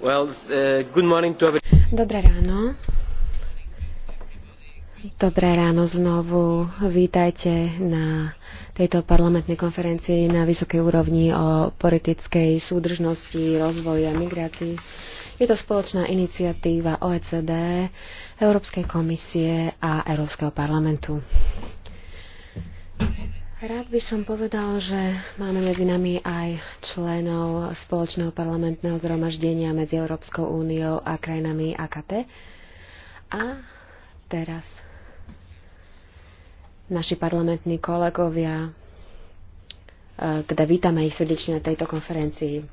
Uh, Dobré ráno. Dobré ráno znovu. Vítajte na tejto parlamentnej konferencii na vysokej úrovni o politickej súdržnosti, rozvoji a migrácii. Je to spoločná iniciatíva OECD, Európskej komisie a Európskeho parlamentu. Rád by som povedal, že máme medzi nami aj členov spoločného parlamentného zhromaždenia medzi Európskou úniou a krajinami AKT. A teraz naši parlamentní kolegovia, e, teda vítame ich srdečne na tejto konferencii.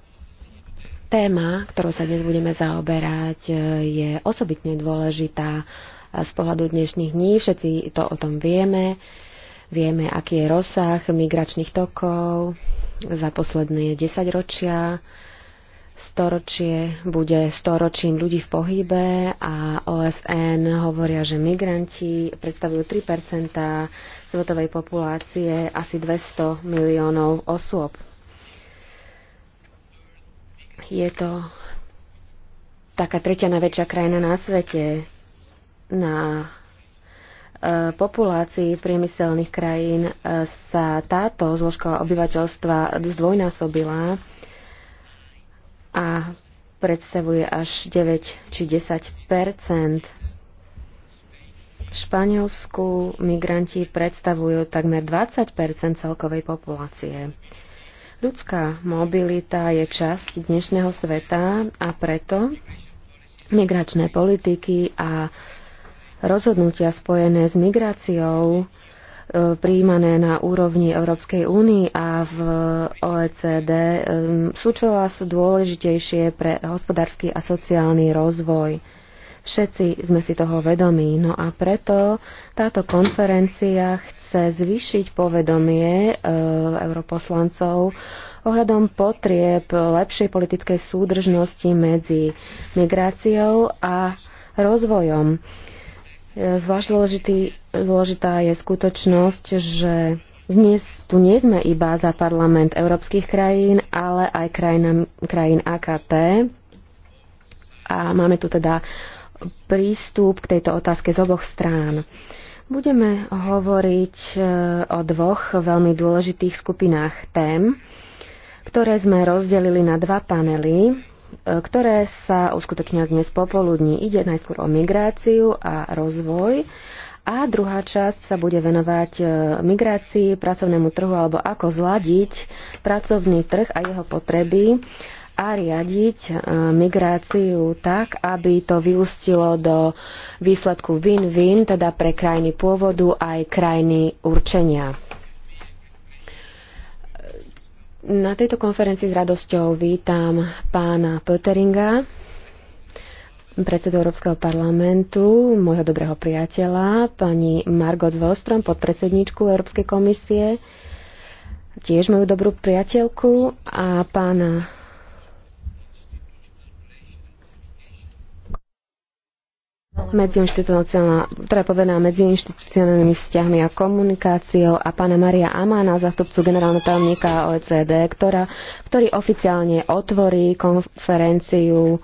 Téma, ktorou sa dnes budeme zaoberať, e, je osobitne dôležitá z pohľadu dnešných dní. Všetci to o tom vieme. Vieme, aký je rozsah migračných tokov za posledné 10 ročia. Storočie bude storočím ľudí v pohybe a OSN hovoria, že migranti predstavujú 3 svetovej populácie, asi 200 miliónov osôb. Je to taká tretia najväčšia krajina na svete. Na populácií priemyselných krajín e, sa táto zložka obyvateľstva zdvojnásobila a predstavuje až 9 či 10 V Španielsku migranti predstavujú takmer 20 celkovej populácie. Ľudská mobilita je časť dnešného sveta a preto migračné politiky a rozhodnutia spojené s migráciou e, príjmané na úrovni Európskej únie a v OECD e, sú vás dôležitejšie pre hospodársky a sociálny rozvoj. Všetci sme si toho vedomí, no a preto táto konferencia chce zvýšiť povedomie e, europoslancov ohľadom potrieb lepšej politickej súdržnosti medzi migráciou a rozvojom. E, Zvlášť dôležitý, dôležitá je skutočnosť, že dnes tu nie sme iba za parlament európskych krajín, ale aj krajín, krajín AKT. A máme tu teda prístup k tejto otázke z oboch strán. Budeme hovoriť e, o dvoch veľmi dôležitých skupinách tém, ktoré sme rozdelili na dva panely. E, ktoré sa uskutočnia dnes popoludní. Ide najskôr o migráciu a rozvoj a druhá časť sa bude venovať e, migrácii, pracovnému trhu alebo ako zladiť pracovný trh a jeho potreby a riadiť e, migráciu tak, aby to vyústilo do výsledku win-win, teda pre krajiny pôvodu aj krajiny určenia. Na tejto konferencii s radosťou vítam pána Pöteringa, predsedu Európskeho parlamentu, môjho dobrého priateľa, pani Margot Wallström, podpredsedničku Európskej komisie, tiež moju dobrú priateľku a pána teda povedaná medziinstitucionálnymi vzťahmi a komunikáciou a pána Maria Amána, zastupcu generálneho tajomníka OECD, ktorá, ktorý oficiálne otvorí konferenciu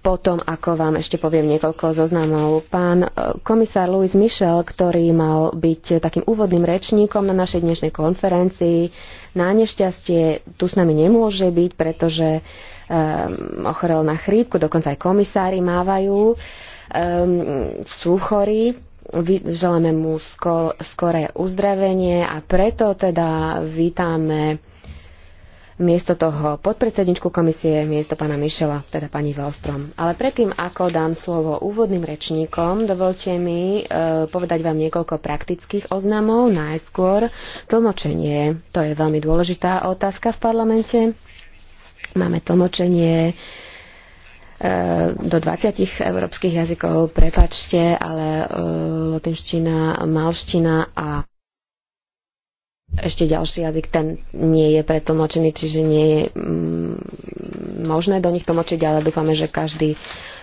potom, ako vám ešte poviem niekoľko zoznamov. Pán e, komisár Louis Michel, ktorý mal byť takým úvodným rečníkom na našej dnešnej konferencii, na nešťastie tu s nami nemôže byť, pretože um, ochorel na chrípku, dokonca aj komisári mávajú. Uh, um, sú chorí, želáme mu sko- skoré uzdravenie a preto teda vítame miesto toho podpredsedničku komisie, miesto pána Mišela, teda pani Velstrom. Ale predtým, ako dám slovo úvodným rečníkom, dovolte mi e, povedať vám niekoľko praktických oznamov. Najskôr tlmočenie. To je veľmi dôležitá otázka v parlamente. Máme tlmočenie E, do 20 európskych jazykov, prepačte, ale e, latinština, malština a ešte ďalší jazyk, ten nie je pretlmočený, čiže nie je mm, možné do nich tlmočiť, ale dúfame, že každý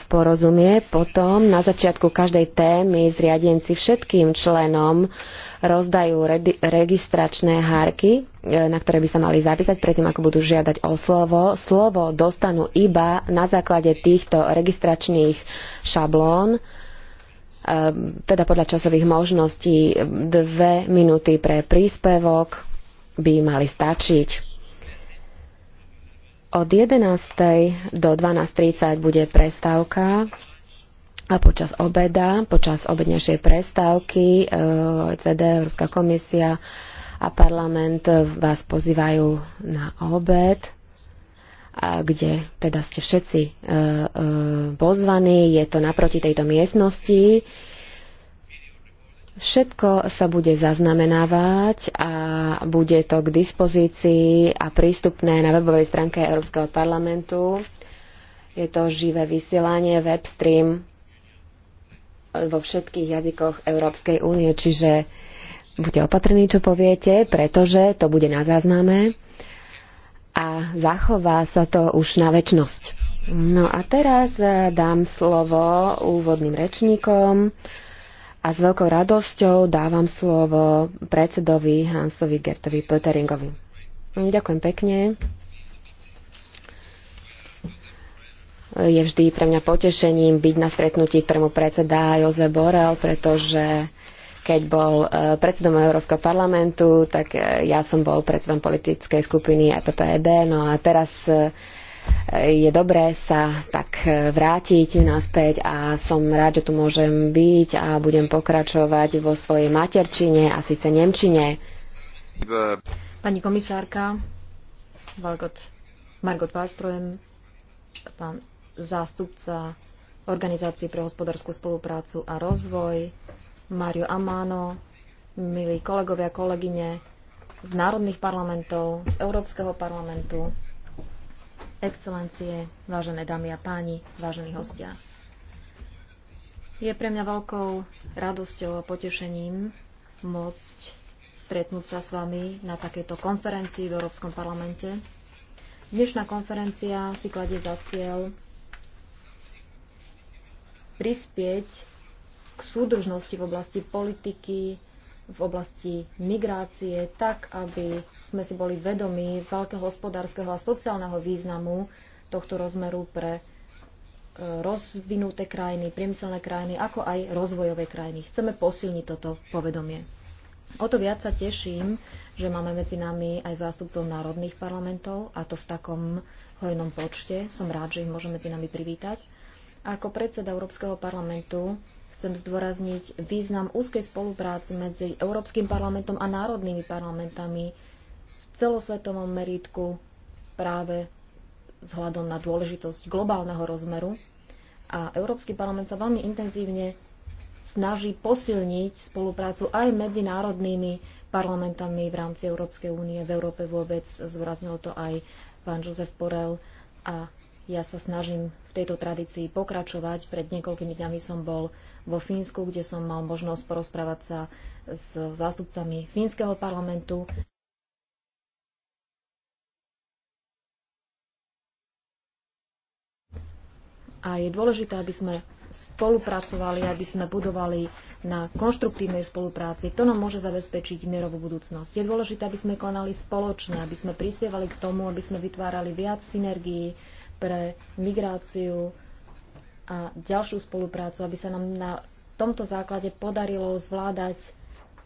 porozumie. Potom na začiatku každej témy zriadenci všetkým členom e, rozdajú registračné hárky, e, na ktoré by sa mali zapísať predtým, ako budú žiadať o slovo. Slovo dostanú iba na základe týchto registračných šablón, e, teda podľa časových možností dve minúty pre príspevok by mali stačiť. Od 11.00 do 12.30 bude prestávka a počas obeda, počas obednejšej prestávky eh, OECD, Európska komisia a parlament vás pozývajú na obed, a kde teda ste všetci eh, eh, pozvaní. Je to naproti tejto miestnosti. Všetko sa bude zaznamenávať a bude to k dispozícii a prístupné na webovej stránke Európskeho parlamentu. Je to živé vysielanie, webstream vo všetkých jazykoch Európskej únie, čiže buďte opatrní, čo poviete, pretože to bude na zázname a zachová sa to už na väčnosť. No a teraz eh, dám slovo úvodným rečníkom a s veľkou radosťou dávam slovo predsedovi Hansovi Gertovi Peteringovi. Hm, ďakujem pekne. Je vždy pre mňa potešením byť na stretnutí, ktorému predseda Jose Borel, pretože keď bol e, predsedom Európskeho parlamentu, tak e, ja som bol predsedom politickej skupiny EPPED. No a teraz e, je dobré sa tak vrátiť naspäť a som rád, že tu môžem byť a budem pokračovať vo svojej materčine a síce Nemčine. Pani komisárka, Margot, Margot Wallström, pán zástupca Organizácie pre hospodárskú spoluprácu a rozvoj, Mario Amano, milí kolegovia, kolegyne z národných parlamentov, z Európskeho parlamentu, excelencie, vážené dámy a páni, vážení hostia. Je pre mňa veľkou radosťou a potešením môcť stretnúť sa s vami na takejto konferencii v Európskom parlamente. Dnešná konferencia si kladie za cieľ prispieť k súdržnosti v oblasti politiky, v oblasti migrácie, tak aby sme si boli vedomi veľkého hospodárskeho a sociálneho významu tohto rozmeru pre e, rozvinuté krajiny, priemyselné krajiny, ako aj rozvojové krajiny. Chceme posilniť toto povedomie. O to viac sa teším, že máme medzi nami aj zástupcov národných parlamentov, a to v takom hojnom počte. Som rád, že ich môžeme medzi nami privítať. Ako predseda Európskeho parlamentu chcem zdôrazniť význam úzkej spolupráce medzi Európskym parlamentom a národnými parlamentami v celosvetovom meritku práve vzhľadom na dôležitosť globálneho rozmeru. A Európsky parlament sa veľmi intenzívne snaží posilniť spoluprácu aj medzi národnými parlamentami v rámci Európskej únie, v Európe vôbec, zvraznil to aj pán Josef Porel a ja sa snažím v tejto tradícii pokračovať. Pred niekoľkými dňami som bol vo Fínsku, kde som mal možnosť porozprávať sa s zástupcami fínskeho parlamentu. A je dôležité, aby sme spolupracovali, aby sme budovali na konštruktívnej spolupráci. To nám môže zabezpečiť mierovú budúcnosť. Je dôležité, aby sme konali spoločne, aby sme prispievali k tomu, aby sme vytvárali viac synergií, pre migráciu a ďalšiu spoluprácu, aby sa nám na tomto základe podarilo zvládať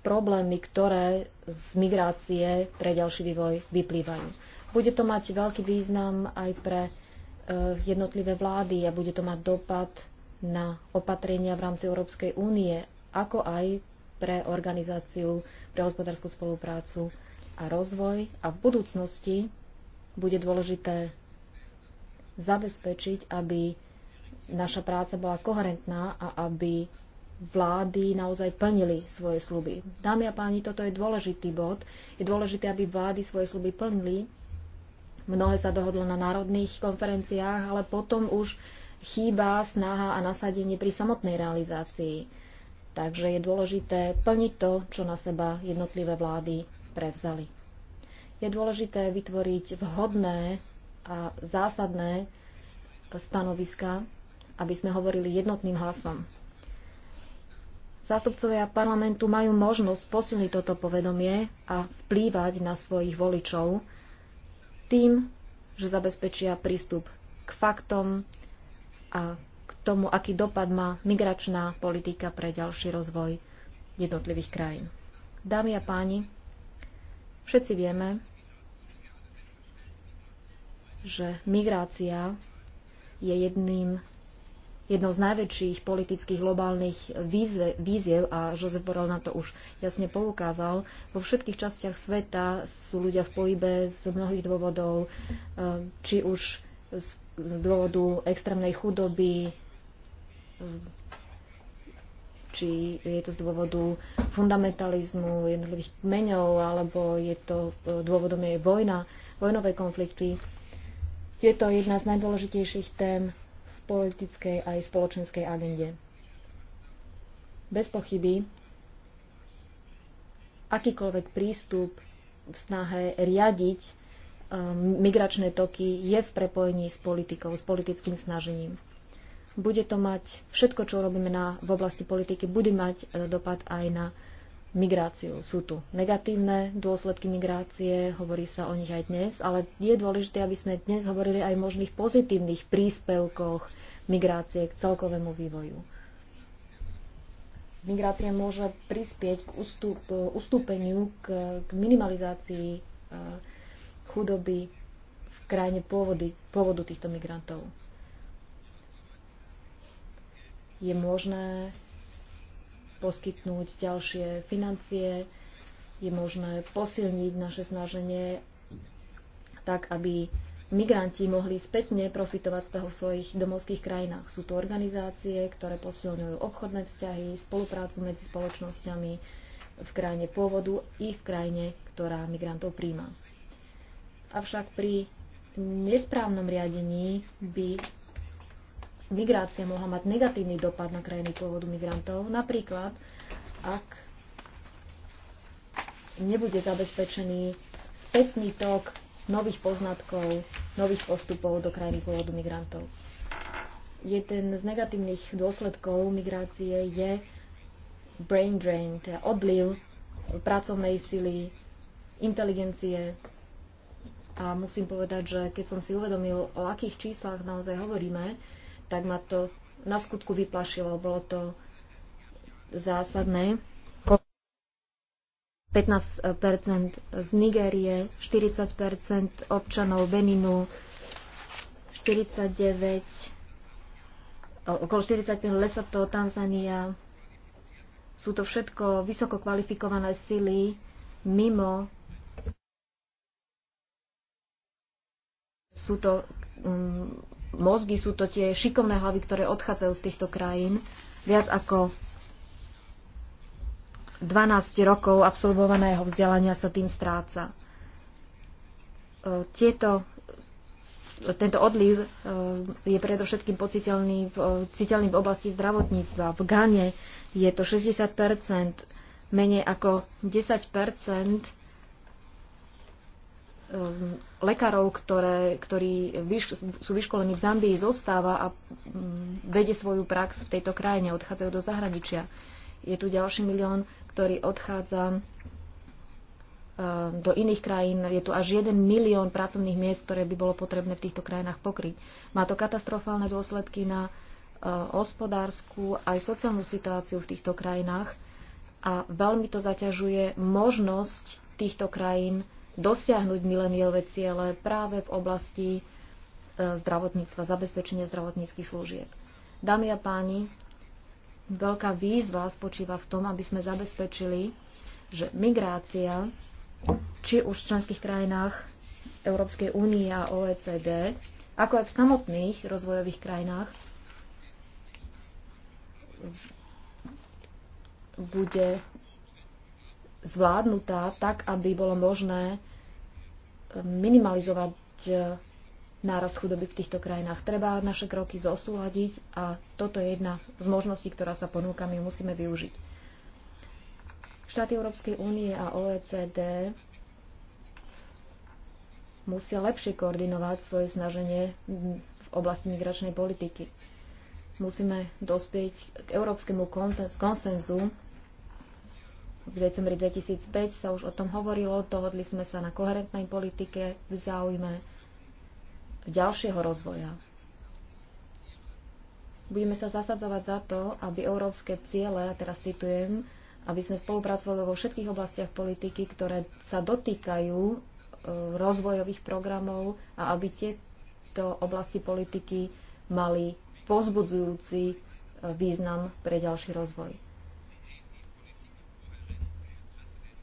problémy, ktoré z migrácie pre ďalší vývoj vyplývajú. Bude to mať veľký význam aj pre e, jednotlivé vlády a bude to mať dopad na opatrenia v rámci Európskej únie, ako aj pre organizáciu pre hospodárskú spoluprácu a rozvoj. A v budúcnosti bude dôležité zabezpečiť, aby naša práca bola koherentná a aby vlády naozaj plnili svoje sluby. Dámy a páni, toto je dôležitý bod. Je dôležité, aby vlády svoje sluby plnili. Mnohé sa dohodlo na národných konferenciách, ale potom už chýba snaha a nasadenie pri samotnej realizácii. Takže je dôležité plniť to, čo na seba jednotlivé vlády prevzali. Je dôležité vytvoriť vhodné a zásadné stanoviska, aby sme hovorili jednotným hlasom. Zástupcovia parlamentu majú možnosť posilniť toto povedomie a vplývať na svojich voličov tým, že zabezpečia prístup k faktom a k tomu, aký dopad má migračná politika pre ďalší rozvoj jednotlivých krajín. Dámy a páni, všetci vieme, že migrácia je jedným jednou z najväčších politických globálnych výzve, výziev a Josep Borrell na to už jasne poukázal. Vo všetkých častiach sveta sú ľudia v pohybe z mnohých dôvodov, e, či už z, dôvodu extrémnej chudoby, e, či je to z dôvodu fundamentalizmu jednotlivých kmeňov, alebo je to e, dôvodom jej vojna, vojnové konflikty. Je to jedna z najdôležitejších tém v politickej aj spoločenskej agende. Bez pochyby, akýkoľvek prístup v snahe riadiť um, migračné toky je v prepojení s politikou, s politickým snažením. Bude to mať, všetko, čo robíme na, v oblasti politiky, bude mať e, dopad aj na migráciu. Sú tu negatívne dôsledky migrácie, hovorí sa o nich aj dnes, ale je dôležité, aby sme dnes hovorili aj o možných pozitívnych príspevkoch migrácie k celkovému vývoju. Migrácia môže prispieť k ustúpeniu, k, k minimalizácii e, chudoby v krajine pôvody, pôvodu týchto migrantov. Je možné poskytnúť ďalšie financie, je možné posilniť naše snaženie tak, aby migranti mohli spätne profitovať z toho v svojich domovských krajinách. Sú to organizácie, ktoré posilňujú obchodné vzťahy, spoluprácu medzi spoločnosťami v krajine pôvodu i v krajine, ktorá migrantov príjma. Avšak pri nesprávnom riadení by migrácia mohla mať negatívny dopad na krajiny pôvodu migrantov. Napríklad, ak nebude zabezpečený spätný tok nových poznatkov, nových postupov do krajiny pôvodu migrantov. Jeden z negatívnych dôsledkov migrácie je brain drain, teda odliv pracovnej sily, inteligencie. A musím povedať, že keď som si uvedomil, o akých číslach naozaj hovoríme, tak ma to na skutku vyplašilo. Bolo to zásadné. 15 z Nigérie, 40 občanov Beninu, 49, okolo 45 Lesoto, Tanzania. Sú to všetko vysoko kvalifikované sily mimo sú to um, mozgy, sú to tie šikovné hlavy, ktoré odchádzajú z týchto krajín. Viac ako 12 rokov absolvovaného vzdelania sa tým stráca. E, tieto, tento odliv e, je predovšetkým pociteľný, e, citeľný v oblasti zdravotníctva. V Gane je to 60 menej ako 10 E, lekárov, ktoré, ktorí vyš, sú vyškolení v Zambii, zostáva a mm, vedie svoju prax v tejto krajine, odchádzajú do zahraničia. Je tu ďalší milión, ktorý odchádza e, do iných krajín. Je tu až jeden milión pracovných miest, ktoré by bolo potrebné v týchto krajinách pokryť. Má to katastrofálne dôsledky na e, hospodárskú aj sociálnu situáciu v týchto krajinách a veľmi to zaťažuje možnosť týchto krajín dosiahnuť mileniové ciele práve v oblasti e, zdravotníctva, zabezpečenia zdravotníckých služieb. Dámy a páni, veľká výzva spočíva v tom, aby sme zabezpečili, že migrácia, či už v členských krajinách Európskej únie a OECD, ako aj v samotných rozvojových krajinách, bude zvládnutá tak, aby bolo možné eh, minimalizovať eh, náraz chudoby v týchto krajinách. Treba naše kroky zosúľadiť a toto je jedna z možností, ktorá sa ponúka, my musíme využiť. Štáty Európskej únie a OECD musia lepšie koordinovať svoje snaženie v oblasti migračnej politiky. Musíme dospieť k európskemu konsenzu v decembri 2005 sa už o tom hovorilo, dohodli sme sa na koherentnej politike v záujme ďalšieho rozvoja. Budeme sa zasadzovať za to, aby európske ciele, a teraz citujem, aby sme spolupracovali vo všetkých oblastiach politiky, ktoré sa dotýkajú e, rozvojových programov a aby tieto oblasti politiky mali pozbudzujúci e, význam pre ďalší rozvoj.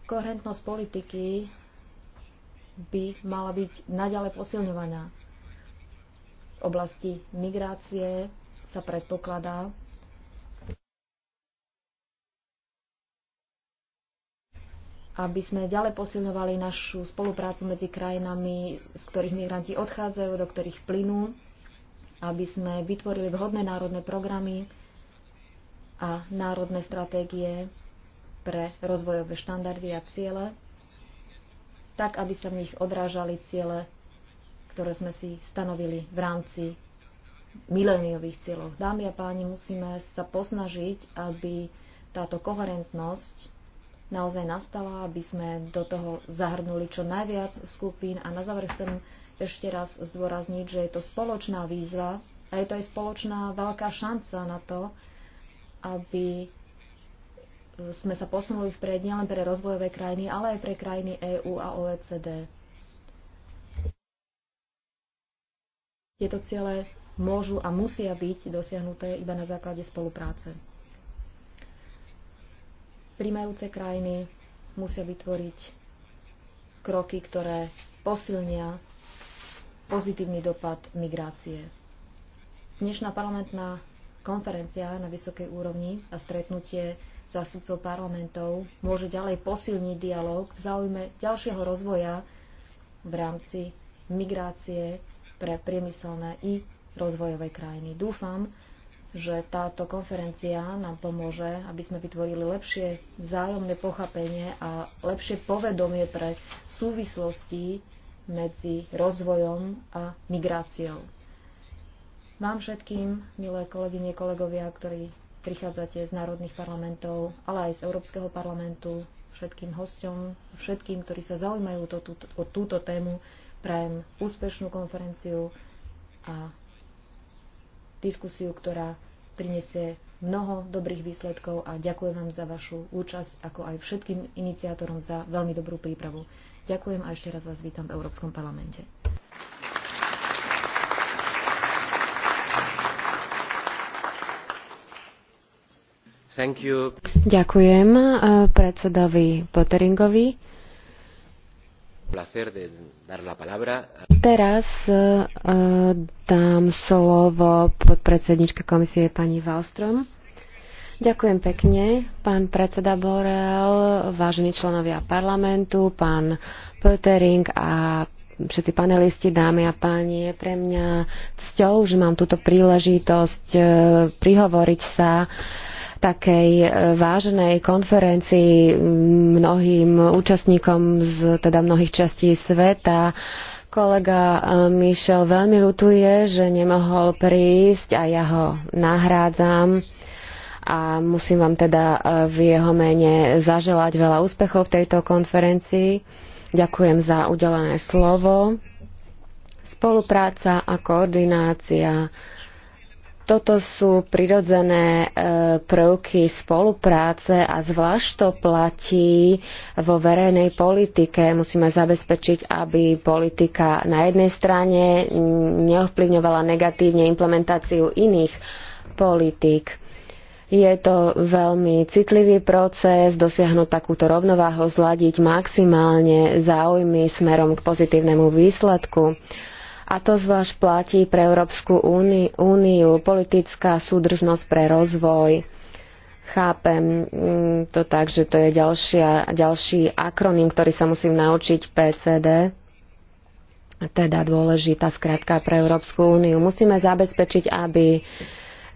koherentnosť politiky by mala byť naďalej posilňovaná. V oblasti migrácie sa predpokladá, aby sme ďalej posilňovali našu spoluprácu medzi krajinami, z ktorých migranti odchádzajú, do ktorých plynú, aby sme vytvorili vhodné národné programy a národné stratégie pre rozvojové štandardy a ciele, tak aby sa v nich odrážali ciele, ktoré sme si stanovili v rámci mileniových cieľov. Dámy a páni, musíme sa posnažiť, aby táto koherentnosť naozaj nastala, aby sme do toho zahrnuli čo najviac skupín. A na záver chcem ešte raz zdôrazniť, že je to spoločná výzva a je to aj spoločná veľká šanca na to, aby sme sa posunuli vpred nielen pre rozvojové krajiny, ale aj pre krajiny EÚ a OECD. Tieto ciele môžu a musia byť dosiahnuté iba na základe spolupráce. Príjmajúce krajiny musia vytvoriť kroky, ktoré posilnia pozitívny dopad migrácie. Dnešná parlamentná konferencia na vysokej úrovni a stretnutie sudcov parlamentov môže ďalej posilniť dialog v záujme ďalšieho rozvoja v rámci migrácie pre priemyselné i rozvojové krajiny. Dúfam, že táto konferencia nám pomôže, aby sme vytvorili lepšie vzájomné pochapenie a lepšie povedomie pre súvislosti medzi rozvojom a migráciou. Vám všetkým, milé kolegyne, kolegovia, ktorí prichádzate z národných parlamentov, ale aj z Európskeho parlamentu, všetkým hosťom, všetkým, ktorí sa zaujímajú to, tú, o túto tému. Prajem úspešnú konferenciu a diskusiu, ktorá prinesie mnoho dobrých výsledkov a ďakujem vám za vašu účasť, ako aj všetkým iniciátorom za veľmi dobrú prípravu. Ďakujem a ešte raz vás vítam v Európskom parlamente. Ďakujem e, predsedovi Potteringovi. Teraz e, e, dám slovo podpredsedničke komisie pani Wallström. Ďakujem pekne, pán predseda Borel, vážení členovia parlamentu, pán Pöttering a všetci panelisti, dámy a páni, je pre mňa cťou, že mám túto príležitosť prihovoriť sa takej e, váženej konferencii mnohým účastníkom z teda mnohých častí sveta. Kolega e, Michel veľmi lutuje, že nemohol prísť a ja ho nahrádzam a musím vám teda e, v jeho mene zaželať veľa úspechov v tejto konferencii. Ďakujem za udelené slovo. Spolupráca a koordinácia toto sú prirodzené e, prvky spolupráce a zvlášť to platí vo verejnej politike. Musíme zabezpečiť, aby politika na jednej strane neovplyvňovala negatívne implementáciu iných politik. Je to veľmi citlivý proces dosiahnuť takúto rovnováhu, zladiť maximálne záujmy smerom k pozitívnemu výsledku. A to zvlášť platí pre Európsku úniu, politická súdržnosť pre rozvoj. Chápem mm, to tak, že to je ďalšia, ďalší akronym, ktorý sa musím naučiť PCD teda dôležitá skratka pre Európsku úniu. Musíme zabezpečiť, aby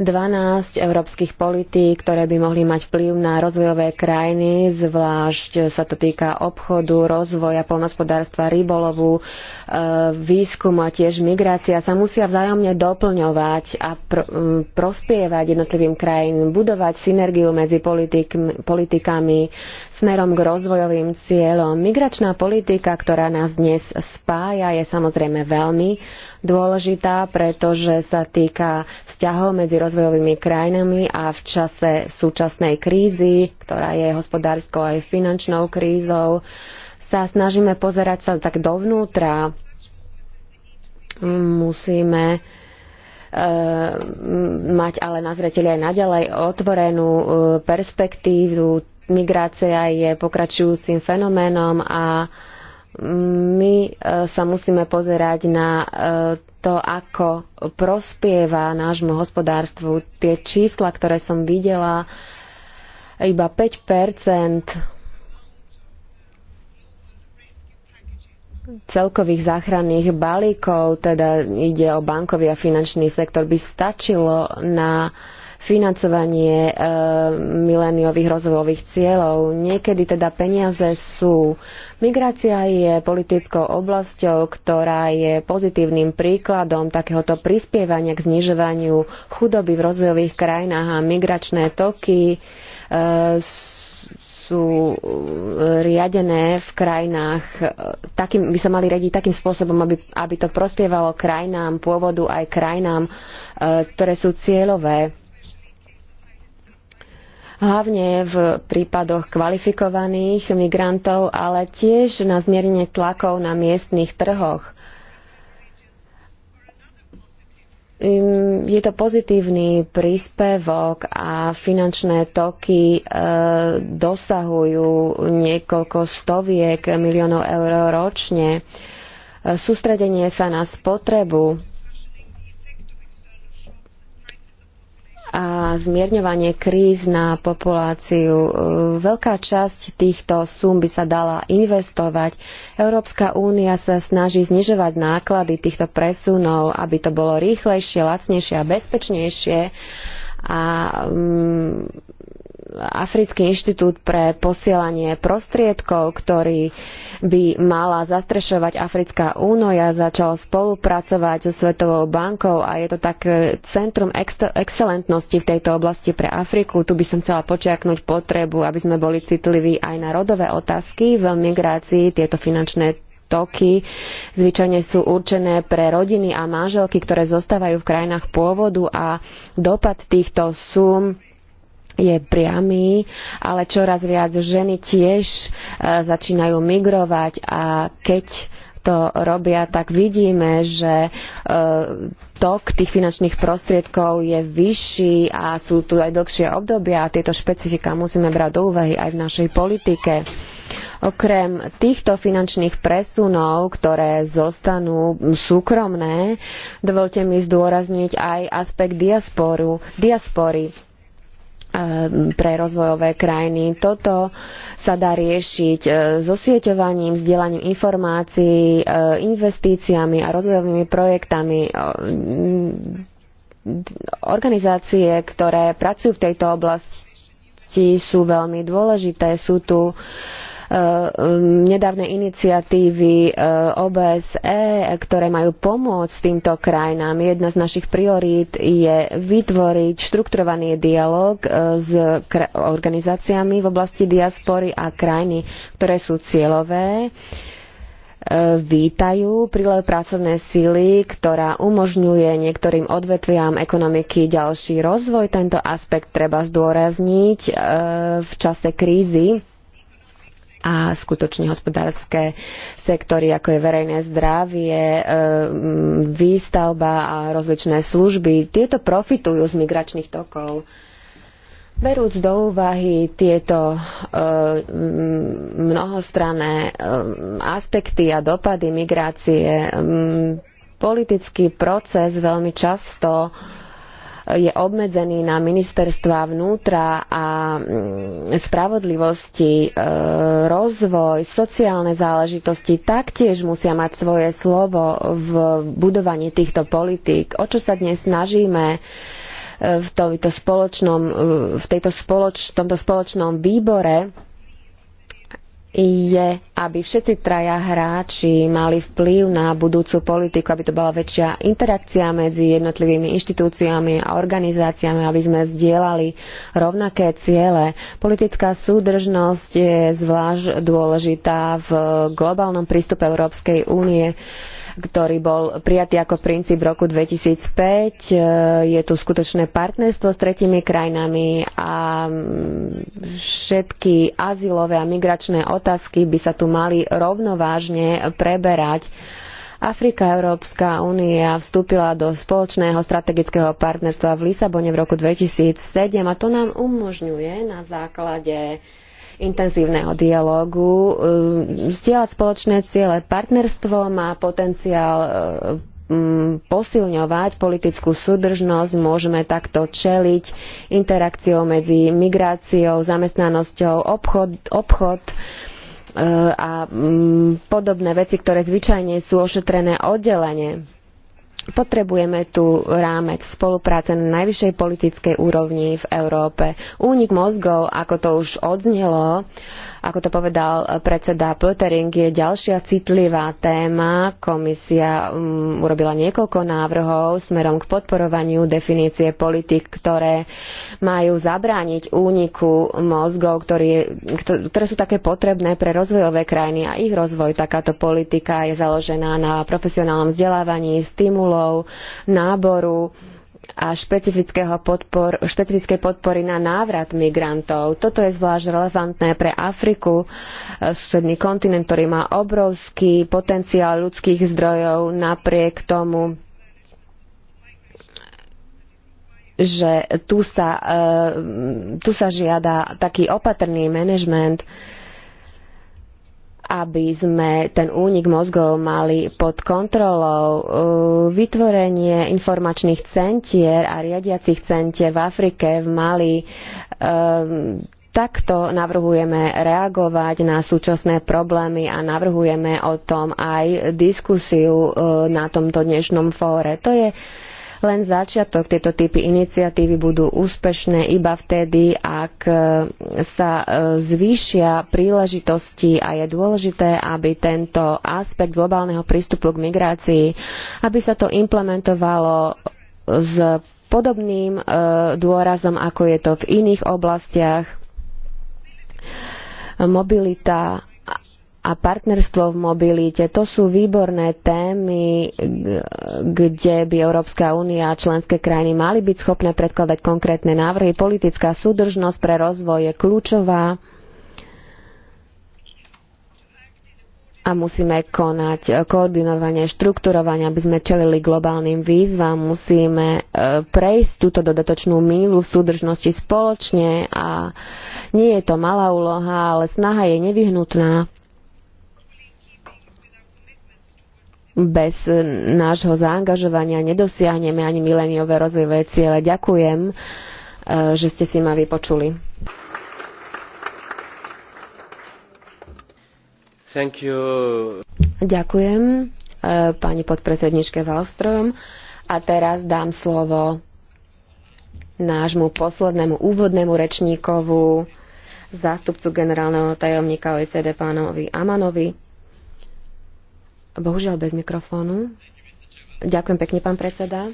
12 európskych politík, ktoré by mohli mať vplyv na rozvojové krajiny, zvlášť sa to týka obchodu, rozvoja, polnospodárstva, rybolovu, e, výskumu a tiež migrácia, sa musia vzájomne doplňovať a pr- prospievať jednotlivým krajín, budovať synergiu medzi politik- politikami, smerom k rozvojovým cieľom. Migračná politika, ktorá nás dnes spája, je samozrejme veľmi dôležitá, pretože sa týka vzťahov medzi rozvojovými krajinami a v čase súčasnej krízy, ktorá je hospodárskou aj finančnou krízou, sa snažíme pozerať sa tak dovnútra. Musíme e, mať ale na zreteli aj naďalej otvorenú e, perspektívu migrácia je pokračujúcim fenoménom a my e, sa musíme pozerať na e, to, ako prospieva nášmu hospodárstvu. Tie čísla, ktoré som videla, iba 5 celkových záchranných balíkov, teda ide o bankový a finančný sektor, by stačilo na uh, financovanie eh, mileniových rozvojových cieľov. Niekedy teda peniaze sú. Migrácia je politickou oblasťou, ktorá je pozitívnym príkladom takéhoto prispievania k znižovaniu chudoby v rozvojových krajinách a migračné toky eh, sú eh, riadené v krajinách, takým, by sa mali riadiť takým spôsobom, aby, aby to prospievalo krajinám pôvodu aj krajinám, ktoré sú cieľové hlavne v prípadoch kvalifikovaných migrantov, ale tiež na zmierenie tlakov na miestnych trhoch. Je to pozitívny príspevok a finančné toky e, dosahujú niekoľko stoviek miliónov eur ročne. E, sústredenie sa na spotrebu a zmierňovanie kríz na populáciu. E, Veľká časť týchto súm by sa dala investovať. Európska únia sa snaží znižovať náklady týchto presunov, aby to bolo rýchlejšie, lacnejšie a bezpečnejšie a um, Africký inštitút pre posielanie prostriedkov, ktorý by mala zastrešovať Africká únoja, začal spolupracovať so Svetovou bankou a je to tak e, centrum excelentnosti v tejto oblasti pre Afriku. Tu by som chcela počiarknúť potrebu, aby sme boli citliví aj na rodové otázky v migrácii. Tieto finančné toky zvyčajne sú určené pre rodiny a manželky, ktoré zostávajú v krajinách pôvodu a dopad týchto sum je priamy, ale čoraz viac ženy tiež e, začínajú migrovať a keď to robia, tak vidíme, že e, tok tých finančných prostriedkov je vyšší a sú tu aj dlhšie obdobia a tieto špecifika musíme brať do úvahy aj v našej politike. Okrem týchto finančných presunov, ktoré zostanú súkromné, dovolte mi zdôrazniť aj aspekt diasporu, diaspory Ehm, pre rozvojové krajiny. Toto sa dá riešiť zosieťovaním, e, sieťovaním, informácií, e, investíciami a rozvojovými projektami e, organizácie, ktoré pracujú v tejto oblasti, sú veľmi dôležité. Sú tu uh, Eh, mm, nedávne iniciatívy eh, OBSE, ktoré majú pomôcť týmto krajinám. Jedna z našich priorít je vytvoriť štrukturovaný dialog eh, s organizáciami v oblasti diaspory a krajiny, ktoré sú cieľové vítajú prílev pracovnej síly, ktorá umožňuje niektorým odvetviam ekonomiky ďalší rozvoj. Tento aspekt treba zdôrazniť v čase krízy a skutočne hospodárske sektory, ako je verejné zdravie, e, výstavba a rozličné služby, tieto profitujú z migračných tokov. Berúc do úvahy tieto e, mnohostranné e, aspekty a dopady migrácie, politický proces veľmi často je obmedzený na ministerstva vnútra a mm, spravodlivosti, e, rozvoj, sociálne záležitosti taktiež musia mať svoje slovo v budovaní týchto politík. O čo sa dnes snažíme e, v, spoločnom, e, v, tejto spoloč, v tomto spoločnom výbore je, aby všetci traja hráči mali vplyv na budúcu politiku, aby to bola väčšia interakcia medzi jednotlivými inštitúciami a organizáciami, aby sme zdieľali rovnaké ciele. Politická súdržnosť je zvlášť dôležitá v globálnom prístupe Európskej únie ktorý bol prijatý ako princíp v roku 2005. E, je tu skutočné partnerstvo s tretimi krajinami a mm, všetky azylové a migračné otázky by sa tu mali rovnovážne preberať. Afrika Európska únia vstúpila do spoločného strategického partnerstva v Lisabone v roku 2007 a to nám umožňuje na základe intenzívneho dialógu, vzdielať um, spoločné ciele. Partnerstvo má potenciál um, um, posilňovať politickú súdržnosť, môžeme takto čeliť interakciou medzi migráciou, zamestnanosťou, obchod, obchod uh, a podobné veci, ktoré zvyčajne sú ošetrené oddelenie Potrebujeme tu rámec spolupráce na najvyššej politickej úrovni v Európe. Únik mozgov, ako to už odznelo, uh, ako to povedal eh, predseda Pöttering, je ďalšia citlivá téma. Komisia mm, urobila niekoľko návrhov smerom k podporovaniu definície politik, ktoré majú zabrániť úniku mozgov, ktorý, ktoré sú také potrebné pre rozvojové krajiny a ich rozvoj. Takáto politika je založená na profesionálnom vzdelávaní, stimulov, náboru a špecifického podpor, špecifickej podpory na návrat migrantov. Toto je zvlášť relevantné pre Afriku, e, susedný kontinent, ktorý má obrovský potenciál ľudských zdrojov napriek tomu, že tu sa, e, tu sa žiada taký opatrný manažment aby sme ten únik mozgov mali pod kontrolou. Uh, vytvorenie informačných centier a riadiacich centier v Afrike, v Mali, um, takto navrhujeme reagovať na súčasné problémy a navrhujeme o tom aj diskusiu uh, na tomto dnešnom fóre. To je len začiatok. Tieto typy iniciatívy budú úspešné iba vtedy, ak e, sa e, zvýšia príležitosti a je dôležité, aby tento aspekt globálneho prístupu k migrácii, aby sa to implementovalo s podobným e, dôrazom, ako je to v iných oblastiach. Mobilita a partnerstvo v mobilite. To sú výborné témy, kde by Európska únia a členské krajiny mali byť schopné predkladať konkrétne návrhy. Politická súdržnosť pre rozvoj je kľúčová a musíme konať koordinovanie, štrukturovanie, aby sme čelili globálnym výzvam. Musíme e, prejsť túto dodatočnú mílu v súdržnosti spoločne a nie je to malá úloha, ale snaha je nevyhnutná bez e, nášho zaangažovania nedosiahneme ani mileniové rozvojové ciele. Ďakujem, e, že ste si ma vypočuli. Thank you. Ďakujem e, pani podpredsedničke Wallström. A teraz dám slovo nášmu poslednému úvodnému rečníkovu, zástupcu generálneho tajomníka OECD pánovi Amanovi Bohužiaľ bez mikrofónu. Ďakujem pekne, pán predseda.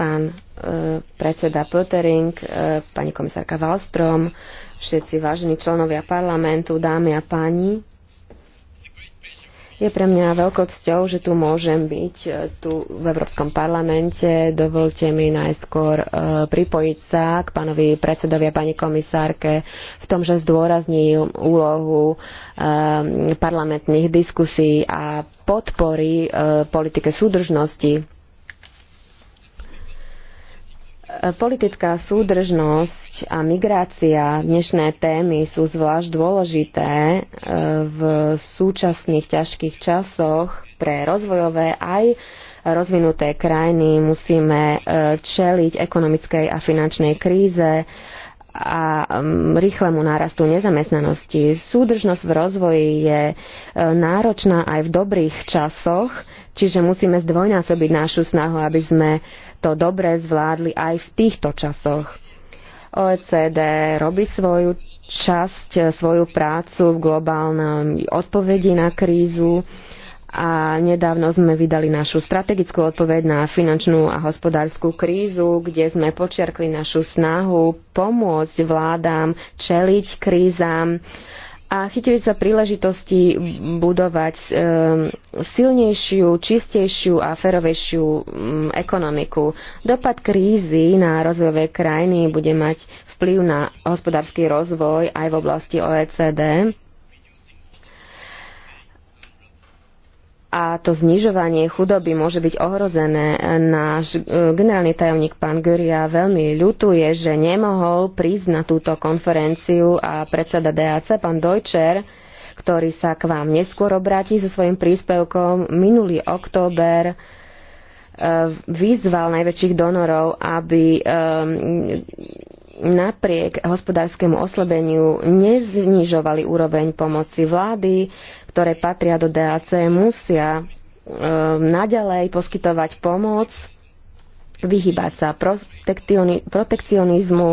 Pán e, predseda Pöttering, e, pani komisárka Wallström, všetci vážení členovia parlamentu, dámy a páni. Je pre mňa veľkou cťou, že tu môžem byť e, tu v Európskom parlamente. Dovolte mi najskôr e, pripojiť sa k pánovi predsedovi a pani komisárke v tom, že zdôrazní úlohu e, parlamentných diskusí a podpory politike súdržnosti Politická súdržnosť a migrácia, dnešné témy sú zvlášť dôležité e, v súčasných ťažkých časoch pre rozvojové aj rozvinuté krajiny. Musíme e, čeliť ekonomickej a finančnej kríze a rýchlemu nárastu nezamestnanosti. Súdržnosť v rozvoji je e, náročná aj v dobrých časoch, čiže musíme zdvojnásobiť našu snahu, aby sme to dobre zvládli aj v týchto časoch. OECD robí svoju časť, svoju prácu v globálnom odpovedi na krízu a nedávno sme vydali našu strategickú odpoveď na finančnú a hospodárskú krízu, kde sme počiarkli našu snahu pomôcť vládám čeliť krízam a chytili sa príležitosti budovať e, silnejšiu, čistejšiu a ferovejšiu m, mm, ekonomiku. Dopad krízy na rozvojové krajiny bude mať vplyv na hospodársky rozvoj aj v oblasti OECD a to znižovanie chudoby môže byť ohrozené. Náš e, generálny tajomník pán Guria veľmi ľutuje, že nemohol prísť na túto konferenciu a predseda DAC, pán Dojčer, ktorý sa k vám neskôr obráti so svojím príspevkom, minulý október e, vyzval najväčších donorov, aby e, napriek hospodárskému oslabeniu neznižovali úroveň pomoci vlády, ktoré patria do DAC, musia e, naďalej poskytovať pomoc, vyhybať sa protekcionizmu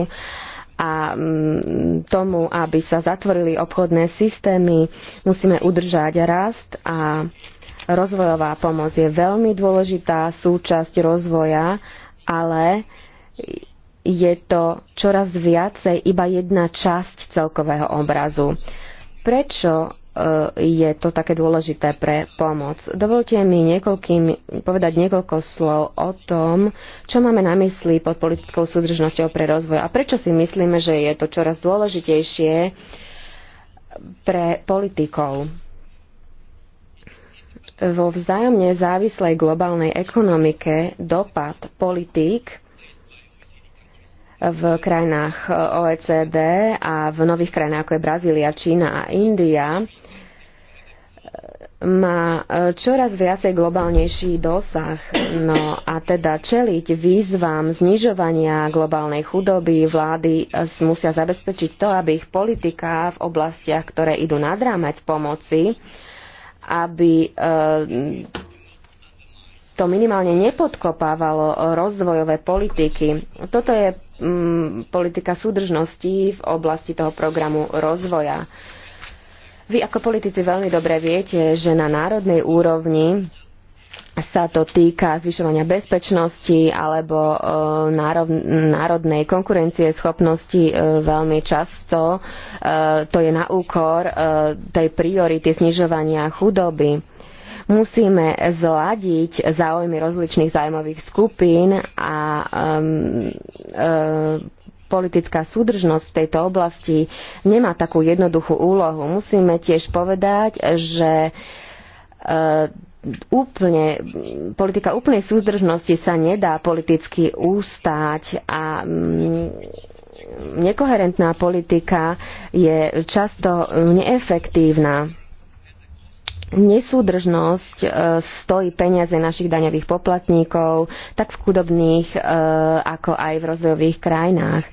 a m, mm, tomu, aby sa zatvorili obchodné systémy. Musíme udržať rast a rozvojová pomoc je veľmi dôležitá súčasť rozvoja, ale je to čoraz viacej iba jedna časť celkového obrazu. Prečo E, je to také dôležité pre pomoc. Dovolte mi niekoľkým, povedať niekoľko slov o tom, čo máme na mysli pod politickou súdržnosťou pre rozvoj a prečo si myslíme, že je to čoraz dôležitejšie pre politikov. Vo vzájomne závislej globálnej ekonomike dopad politík v krajinách OECD a v nových krajinách ako je Brazília, Čína a India má e, čoraz viacej globálnejší dosah. No a teda čeliť výzvam znižovania globálnej chudoby vlády e, musia zabezpečiť to, aby ich politika v oblastiach, ktoré idú nad rámec pomoci, aby e, to minimálne nepodkopávalo rozvojové politiky. Toto je mm, politika súdržnosti v oblasti toho programu rozvoja vy ako politici veľmi dobre viete, že na národnej úrovni sa to týka zvyšovania bezpečnosti alebo e, národnej konkurencie schopnosti e, veľmi často. E, to je na úkor tej priority znižovania chudoby. Musíme zladiť záujmy rozličných zájmových skupín a politická súdržnosť v tejto oblasti nemá takú jednoduchú úlohu. Musíme tiež povedať, že e, úplne, politika úplnej súdržnosti sa nedá politicky ústať a mm, nekoherentná politika je často neefektívna nesúdržnosť e, stojí peniaze našich daňových poplatníkov, tak v chudobných, e, ako aj v rozvojových krajinách. E,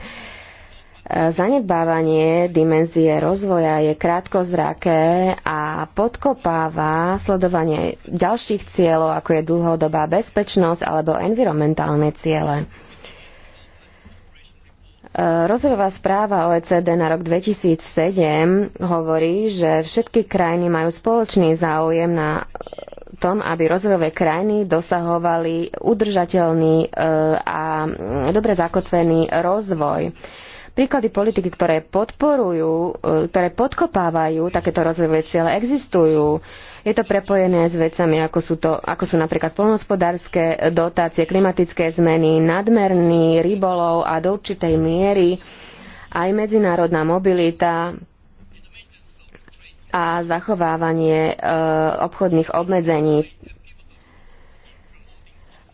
zanedbávanie dimenzie rozvoja je krátkozraké a podkopáva sledovanie ďalších cieľov, ako je dlhodobá bezpečnosť alebo environmentálne ciele. Rozvojová správa OECD na rok 2007 hovorí, že všetky krajiny majú spoločný záujem na tom, aby rozvojové krajiny dosahovali udržateľný e, a dobre zakotvený rozvoj. Príklady politiky, ktoré podporujú, e, ktoré podkopávajú takéto rozvojové ciele, existujú. Je to prepojené s vecami, ako sú, to, ako sú napríklad polnospodárske dotácie, klimatické zmeny, nadmerný rybolov a do určitej miery aj medzinárodná mobilita a zachovávanie e, obchodných obmedzení.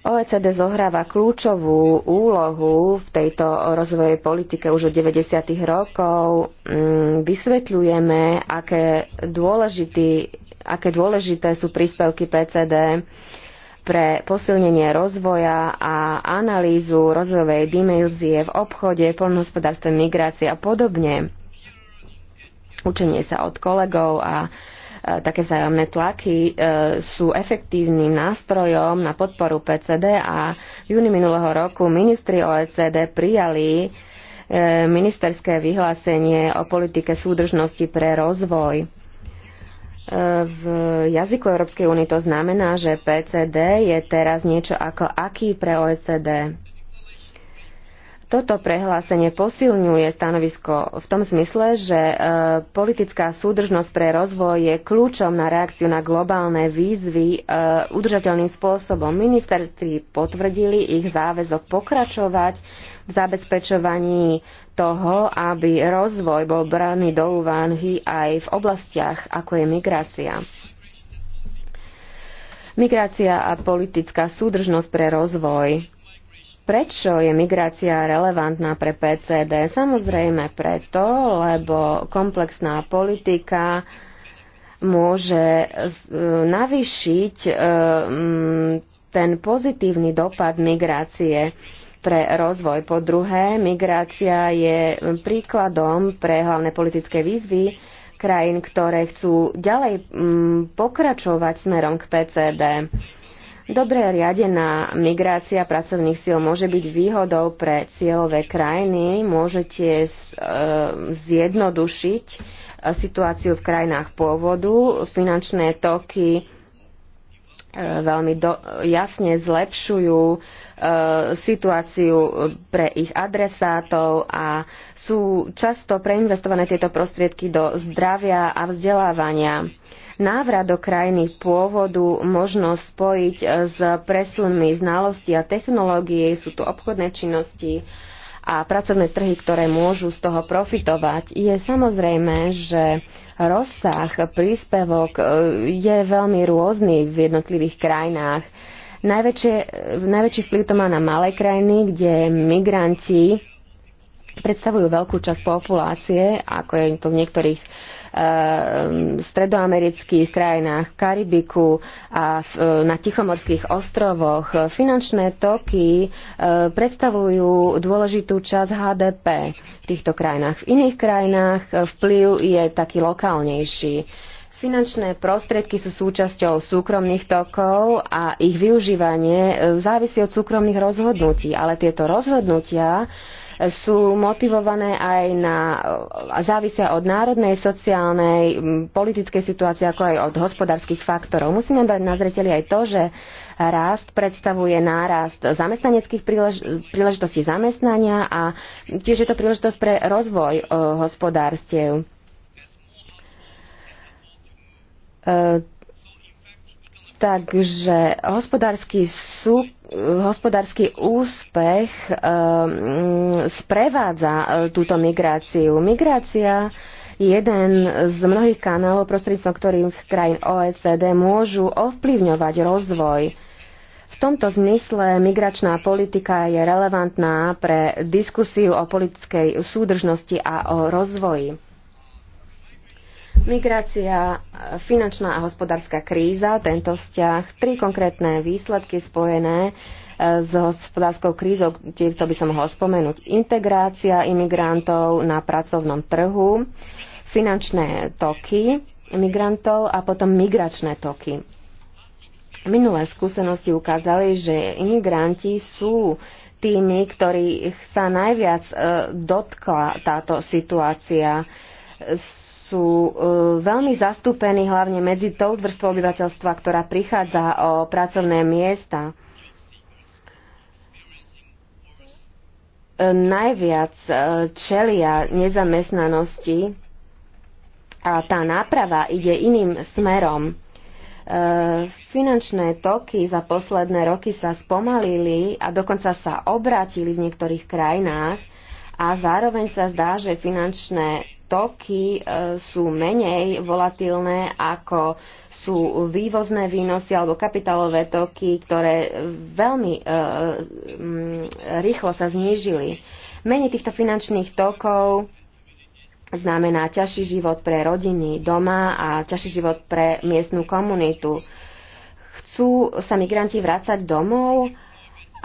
OECD zohráva kľúčovú úlohu v tejto rozvojej politike už od 90. rokov. Mm, vysvetľujeme, aké dôležitý aké dôležité sú príspevky PCD pre posilnenie rozvoja a analýzu rozvojovej dimenzie v obchode, poľnohospodárstve, migrácie a podobne. Učenie sa od kolegov a e, také zájomné tlaky e, sú efektívnym nástrojom na podporu PCD a v júni minulého roku ministri OECD prijali e, ministerské vyhlásenie o politike súdržnosti pre rozvoj v jazyku Európskej únie to znamená, že PCD je teraz niečo ako aký pre OECD. Toto prehlásenie posilňuje stanovisko v tom smysle, že e, politická súdržnosť pre rozvoj je kľúčom na reakciu na globálne výzvy e, udržateľným spôsobom. Ministeri potvrdili ich záväzok pokračovať v zabezpečovaní toho, aby rozvoj bol braný do úvahy aj v oblastiach, ako je migrácia. Migrácia a politická súdržnosť pre rozvoj. Prečo je migrácia relevantná pre PCD? Samozrejme preto, lebo komplexná politika môže e, navýšiť e, ten pozitívny dopad migrácie pre rozvoj. Po druhé, migrácia je príkladom pre hlavné politické výzvy krajín, ktoré chcú ďalej mm, pokračovať smerom k PCD. Dobre riadená migrácia pracovných síl môže byť výhodou pre cieľové krajiny, môžete zjednodušiť e, situáciu v krajinách pôvodu, finančné toky e, veľmi do, jasne zlepšujú E, situáciu pre ich adresátov a sú často preinvestované tieto prostriedky do zdravia a vzdelávania. Návrat do krajiny pôvodu možno spojiť e, s presunmi znalostí a technológií, sú tu obchodné činnosti a pracovné trhy, ktoré môžu z toho profitovať. Je samozrejme, že rozsah príspevok e, je veľmi rôzny v jednotlivých krajinách Najväčšie, najväčší vplyv to má na malé krajiny, kde migranti predstavujú veľkú časť populácie, ako je to v niektorých e, stredoamerických krajinách, Karibiku a v, eh, na Tichomorských ostrovoch. Finančné toky e, predstavujú dôležitú časť HDP v týchto krajinách. V iných krajinách vplyv je taký lokálnejší Finančné prostriedky sú súčasťou súkromných tokov a ich využívanie e, závisí od súkromných rozhodnutí, ale tieto rozhodnutia e, sú motivované aj na, e, závisia od národnej, sociálnej, politickej situácie, ako aj od hospodárskych faktorov. Musíme dať na zreteli aj to, že rast predstavuje nárast zamestnaneckých prílež- príležitostí zamestnania a tiež je to príležitosť pre rozvoj hospodárstiev E, takže hospodársky, sú, hospodársky úspech e, sprevádza e, túto migráciu. Migrácia je jeden z mnohých kanálov, prostredníctvom ktorých krajín OECD môžu ovplyvňovať rozvoj. V tomto zmysle migračná politika je relevantná pre diskusiu o politickej súdržnosti a o rozvoji. Migrácia, finančná a hospodárska kríza, tento vzťah, tri konkrétne výsledky spojené eh, s hospodárskou krízou, to by som mohla spomenúť. Integrácia imigrantov na pracovnom trhu, finančné toky imigrantov a potom migračné toky. Minulé skúsenosti ukázali, že imigranti sú tými, ktorých sa najviac eh, dotkla táto situácia sú e, veľmi zastúpení hlavne medzi tou vrstvou obyvateľstva, ktorá prichádza o pracovné miesta. E, najviac e, čelia nezamestnanosti a tá náprava ide iným smerom. Finančné toky za posledné roky sa spomalili a dokonca sa obrátili v niektorých krajinách a zároveň sa zdá, že finančné toky e, sú menej volatilné ako sú vývozné výnosy alebo kapitálové toky, ktoré veľmi e, mm, rýchlo sa znížili. Menej týchto finančných tokov znamená ťažší život pre rodiny doma a ťažší život pre miestnú komunitu. Chcú sa migranti vrácať domov?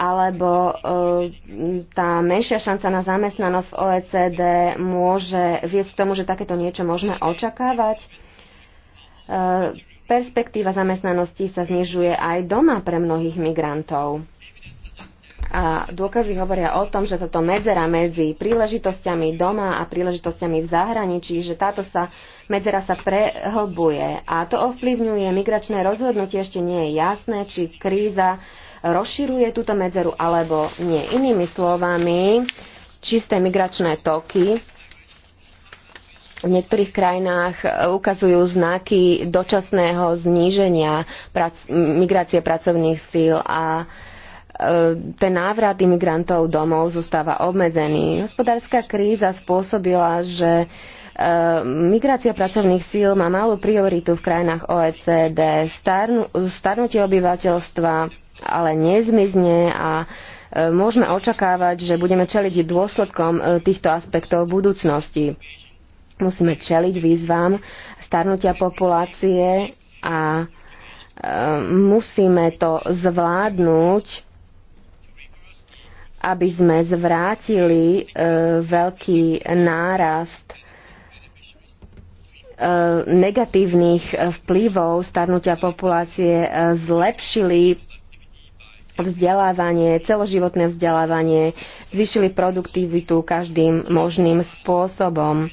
alebo eh, tá menšia šanca na zamestnanosť v OECD môže viesť k tomu, že takéto niečo môžeme očakávať. Eh, perspektíva zamestnanosti sa znižuje aj doma pre mnohých migrantov. A dôkazy hovoria o tom, že táto medzera medzi príležitosťami doma a príležitosťami v zahraničí, že táto sa, medzera sa prehlbuje. A to ovplyvňuje migračné rozhodnutie. Ešte nie je jasné, či kríza rozširuje túto medzeru alebo nie. Inými slovami, čisté migračné toky v niektorých krajinách e, ukazujú znaky dočasného zníženia prac- migrácie pracovných síl a e, ten návrat imigrantov domov zostáva obmedzený. Hospodárska kríza spôsobila, že e, migrácia pracovných síl má malú prioritu v krajinách OECD, starnutie obyvateľstva, ale nezmizne a e, môžeme očakávať, že budeme čeliť dôsledkom e, týchto aspektov v budúcnosti. Musíme čeliť výzvam starnutia populácie a e, musíme to zvládnuť, aby sme zvrátili veľký nárast negatívnych vplyvov starnutia populácie, zlepšili vzdelávanie, celoživotné vzdelávanie, zvýšili produktivitu každým možným spôsobom.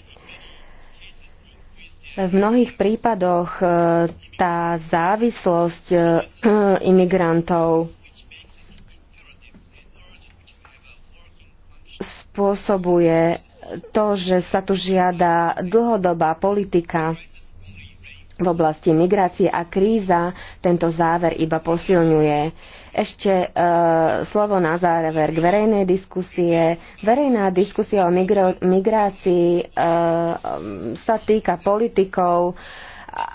V mnohých prípadoch e, tá závislosť e, imigrantov spôsobuje to, že sa tu žiada dlhodobá politika v oblasti migrácie a kríza tento záver iba posilňuje. Ešte e, slovo na záver k verejnej diskusie. Verejná diskusia o migro, migrácii e, sa týka politikov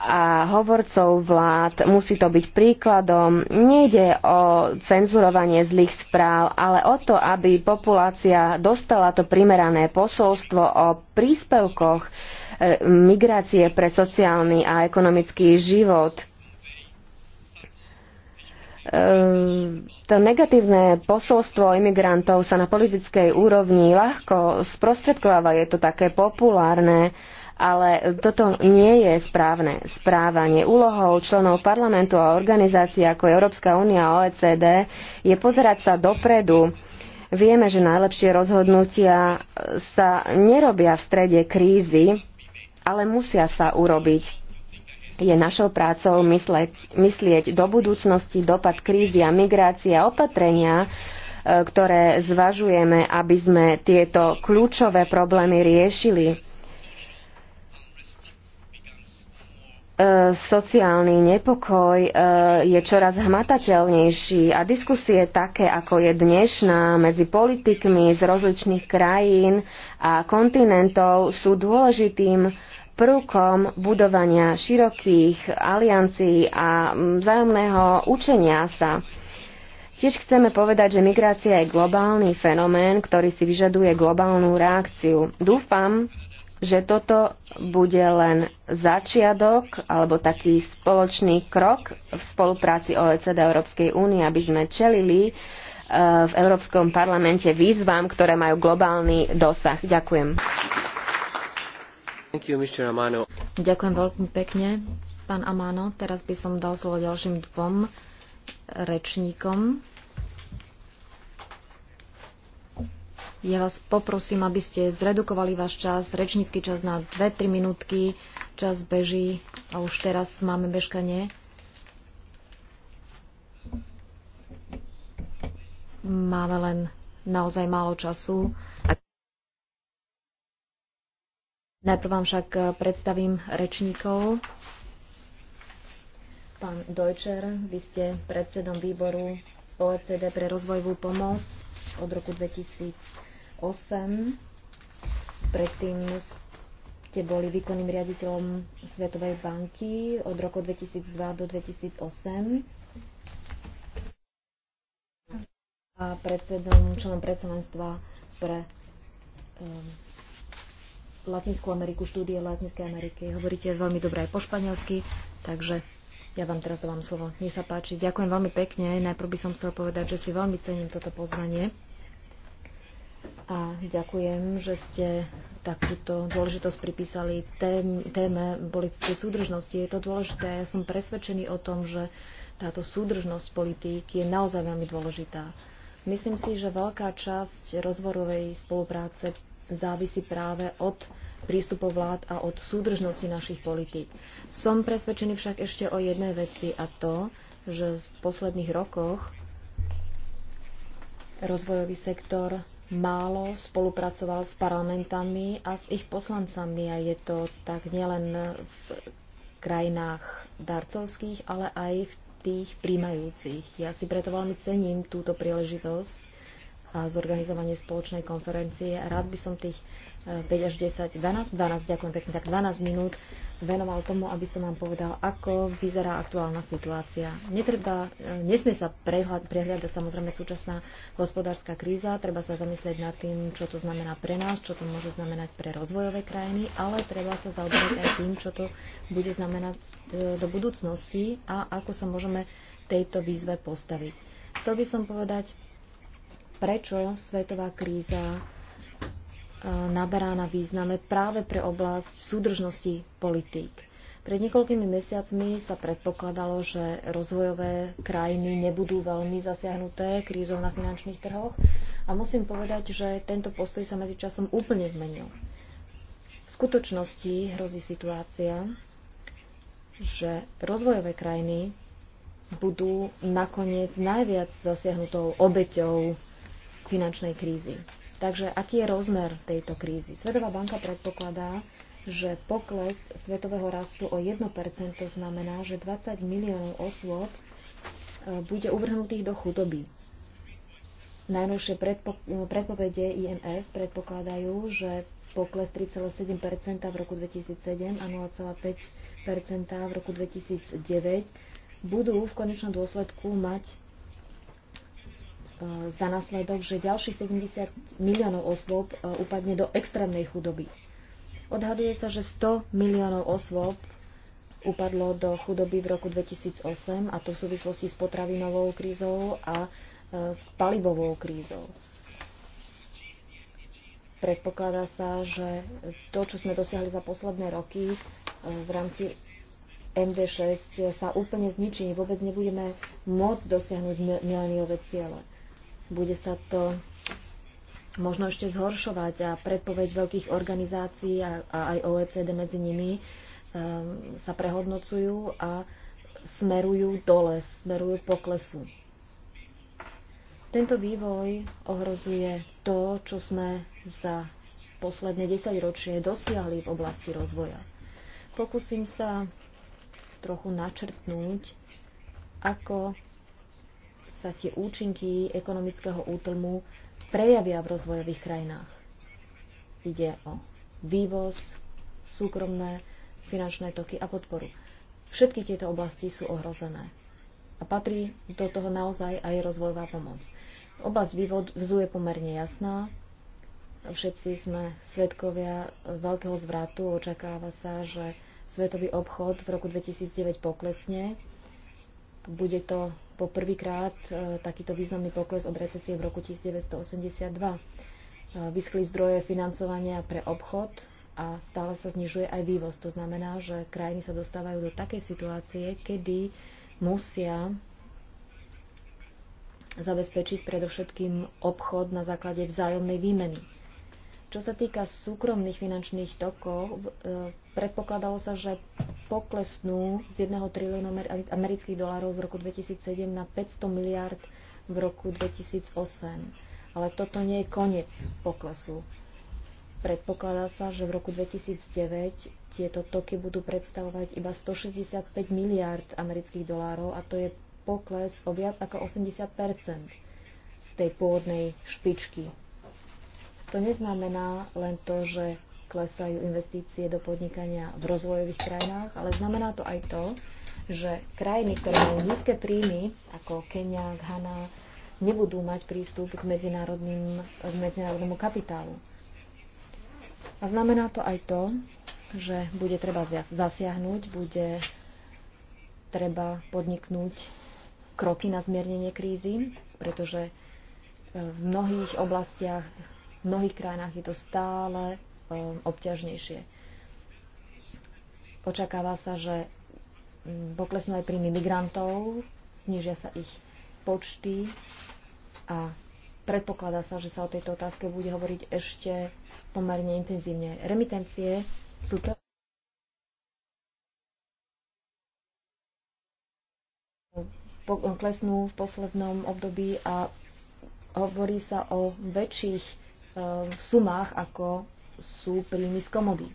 a hovorcov vlád. Musí to byť príkladom. Nejde o cenzurovanie zlých správ, ale o to, aby populácia dostala to primerané posolstvo o príspevkoch e, migrácie pre sociálny a ekonomický život Ehm, to negatívne posolstvo imigrantov sa na politickej úrovni ľahko sprostredkováva, je to také populárne, ale toto nie je správne správanie. Úlohou členov parlamentu a organizácií ako Európska únia a OECD je pozerať sa dopredu. Vieme, že najlepšie rozhodnutia sa nerobia v strede krízy, ale musia sa urobiť je našou prácou mysleť, myslieť do budúcnosti dopad krízy a migrácie a opatrenia, e, ktoré zvažujeme, aby sme tieto kľúčové problémy riešili. E, sociálny nepokoj e, je čoraz hmatateľnejší a diskusie také, ako je dnešná medzi politikmi z rozličných krajín a kontinentov sú dôležitým prvkom budovania širokých aliancií a mm, vzájomného učenia sa. Tiež chceme povedať, že migrácia je globálny fenomén, ktorý si vyžaduje globálnu reakciu. Dúfam, že toto bude len začiatok alebo taký spoločný krok v spolupráci OECD a Európskej únie, aby sme čelili e, v Európskom parlamente výzvam, ktoré majú globálny dosah. Ďakujem. Ďakujem veľmi pekne, pán Amano. Teraz by som dal slovo ďalším dvom rečníkom. Ja vás poprosím, aby ste zredukovali váš čas, rečnícky čas na 2-3 minútky. Čas beží a už teraz máme bežkanie. Máme len naozaj málo času. Najprv vám však e, predstavím rečníkov. Pán Dojčer, vy ste predsedom výboru OECD pre rozvojovú pomoc od roku 2008. Predtým ste boli výkonným riaditeľom Svetovej banky od roku 2002 do 2008 a predsedom, členom predsedenstva pre um, Latinskú Ameriku, štúdie Latinskej Ameriky. Hovoríte veľmi dobre aj po španielsky, takže ja vám teraz dávam slovo. Nie sa páči. Ďakujem veľmi pekne. Najprv by som chcel povedať, že si veľmi cením toto pozvanie. A ďakujem, že ste takúto dôležitosť pripísali tém, téme politickej súdržnosti. Je to dôležité. Ja som presvedčený o tom, že táto súdržnosť politík je naozaj veľmi dôležitá. Myslím si, že veľká časť rozvorovej spolupráce závisí práve od prístupov vlád a od súdržnosti našich politík. Som presvedčený však ešte o jednej veci a to, že v posledných rokoch rozvojový sektor málo spolupracoval s parlamentami a s ich poslancami a je to tak nielen v krajinách darcovských, ale aj v tých príjmajúcich. Ja si preto veľmi cením túto príležitosť a zorganizovanie spoločnej konferencie. A rád by som tých 5 e, až 10, 12, 12, ďakujem pekne, tak 12 minút venoval tomu, aby som vám povedal, ako vyzerá aktuálna situácia. Netreba, e, nesmie sa prehľad, prehľadať samozrejme súčasná hospodárska kríza, treba sa zamyslieť nad tým, čo to znamená pre nás, čo to môže znamenať pre rozvojové krajiny, ale treba sa zaoberať aj tým, čo to bude znamenať e, do budúcnosti a ako sa môžeme tejto výzve postaviť. Chcel by som povedať prečo svetová kríza e, naberá na význame práve pre oblasť súdržnosti politík. Pred niekoľkými mesiacmi sa predpokladalo, že rozvojové krajiny nebudú veľmi zasiahnuté krízou na finančných trhoch a musím povedať, že tento postoj sa medzičasom úplne zmenil. V skutočnosti hrozí situácia, že rozvojové krajiny budú nakoniec najviac zasiahnutou obeťou finančnej krízy. Takže aký je rozmer tejto krízy? Svetová banka predpokladá, že pokles svetového rastu o 1% to znamená, že 20 miliónov osôb e, bude uvrhnutých do chudoby. Najnovšie predpo- predpovede IMF predpokladajú, že pokles 3,7% v roku 2007 a 0,5% v roku 2009 budú v konečnom dôsledku mať E, za následok, že ďalších 70 miliónov osôb e, upadne do extrémnej chudoby. Odhaduje sa, že 100 miliónov osôb upadlo do chudoby v roku 2008 a to v súvislosti s potravinovou krízou a e, s palivovou krízou. Predpokladá sa, že to, čo sme dosiahli za posledné roky v rámci MD6 sa úplne zničí. Vôbec nebudeme môcť dosiahnuť mileniové cieľe. Bude sa to možno ešte zhoršovať a predpoveď veľkých organizácií a, a aj OECD medzi nimi um, sa prehodnocujú a smerujú dole, smerujú poklesu. Tento vývoj ohrozuje to, čo sme za posledné desaťročie dosiahli v oblasti rozvoja. Pokúsim sa trochu načrtnúť, ako sa tie účinky ekonomického útlmu prejavia v rozvojových krajinách. Ide o vývoz, súkromné, finančné toky a podporu. Všetky tieto oblasti sú ohrozené. A patrí do toho naozaj aj rozvojová pomoc. Oblasť vývozu je pomerne jasná. Všetci sme svetkovia veľkého zvratu. Očakáva sa, že svetový obchod v roku 2009 poklesne. Bude to poprvýkrát e, takýto významný pokles od recesie v roku 1982. E, vyschli zdroje financovania pre obchod a stále sa znižuje aj vývoz. To znamená, že krajiny sa dostávajú do takej situácie, kedy musia zabezpečiť predovšetkým obchod na základe vzájomnej výmeny čo sa týka súkromných finančných tokov, e, predpokladalo sa, že poklesnú z 1 trilióna amerických dolárov v roku 2007 na 500 miliard v roku 2008. Ale toto nie je koniec poklesu. Predpokladá sa, že v roku 2009 tieto toky budú predstavovať iba 165 miliard amerických dolárov a to je pokles o viac ako 80 z tej pôvodnej špičky to neznamená len to, že klesajú investície do podnikania v rozvojových krajinách, ale znamená to aj to, že krajiny, ktoré majú nízke príjmy, ako Kenia, Ghana, nebudú mať prístup k, medzinárodným, k medzinárodnému kapitálu. A znamená to aj to, že bude treba zasiahnuť, bude treba podniknúť kroky na zmiernenie krízy, pretože v mnohých oblastiach v mnohých krajinách je to stále um, obťažnejšie. Očakáva sa, že mm, poklesnú aj príjmy migrantov, znižia sa ich počty a predpokladá sa, že sa o tejto otázke bude hovoriť ešte pomerne intenzívne. Remitencie sú to... klesnú v poslednom období a hovorí sa o väčších v sumách, ako sú príjmy z komody.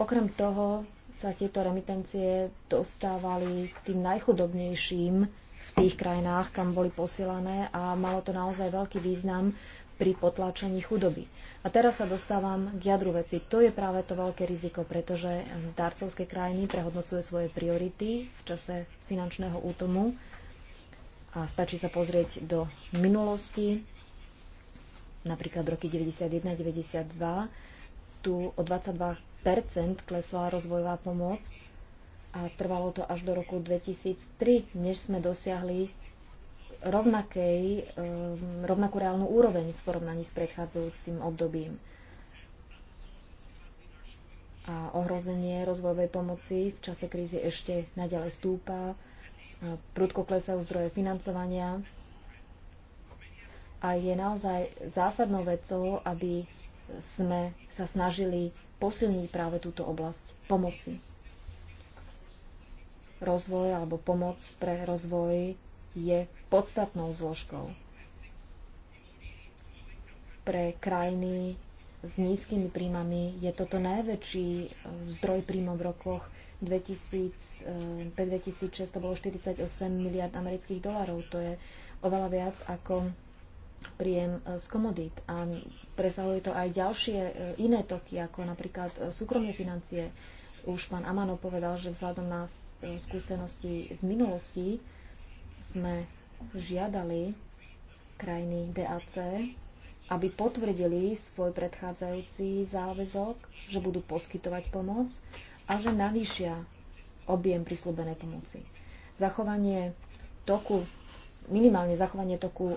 Okrem toho sa tieto remitencie dostávali k tým najchudobnejším v tých krajinách, kam boli posielané a malo to naozaj veľký význam pri potlačení chudoby. A teraz sa dostávam k jadru veci. To je práve to veľké riziko, pretože darcovské krajiny prehodnocuje svoje priority v čase finančného útomu a stačí sa pozrieť do minulosti napríklad roky 91-92, tu o 22% klesla rozvojová pomoc a trvalo to až do roku 2003, než sme dosiahli rovnakej, ehm, rovnakú reálnu úroveň v porovnaní s predchádzajúcim obdobím. A ohrozenie rozvojovej pomoci v čase krízy ešte naďalej stúpa, prudko klesajú zdroje financovania a je naozaj zásadnou vecou, aby sme sa snažili posilniť práve túto oblasť pomoci. Rozvoj alebo pomoc pre rozvoj je podstatnou zložkou pre krajiny s nízkymi príjmami je toto najväčší e, zdroj príjmov v rokoch 2000, 2006 e, to bolo 48 miliard amerických dolarov. To je oveľa viac ako príjem e, z komodít a presahuje to aj ďalšie e, iné toky, ako napríklad e, súkromné financie. Už pán Amano povedal, že vzhľadom na skúsenosti z minulosti sme žiadali krajiny DAC, aby potvrdili svoj predchádzajúci záväzok, že budú poskytovať pomoc a že navýšia objem prislúbenej pomoci. Zachovanie toku minimálne zachovanie toku e,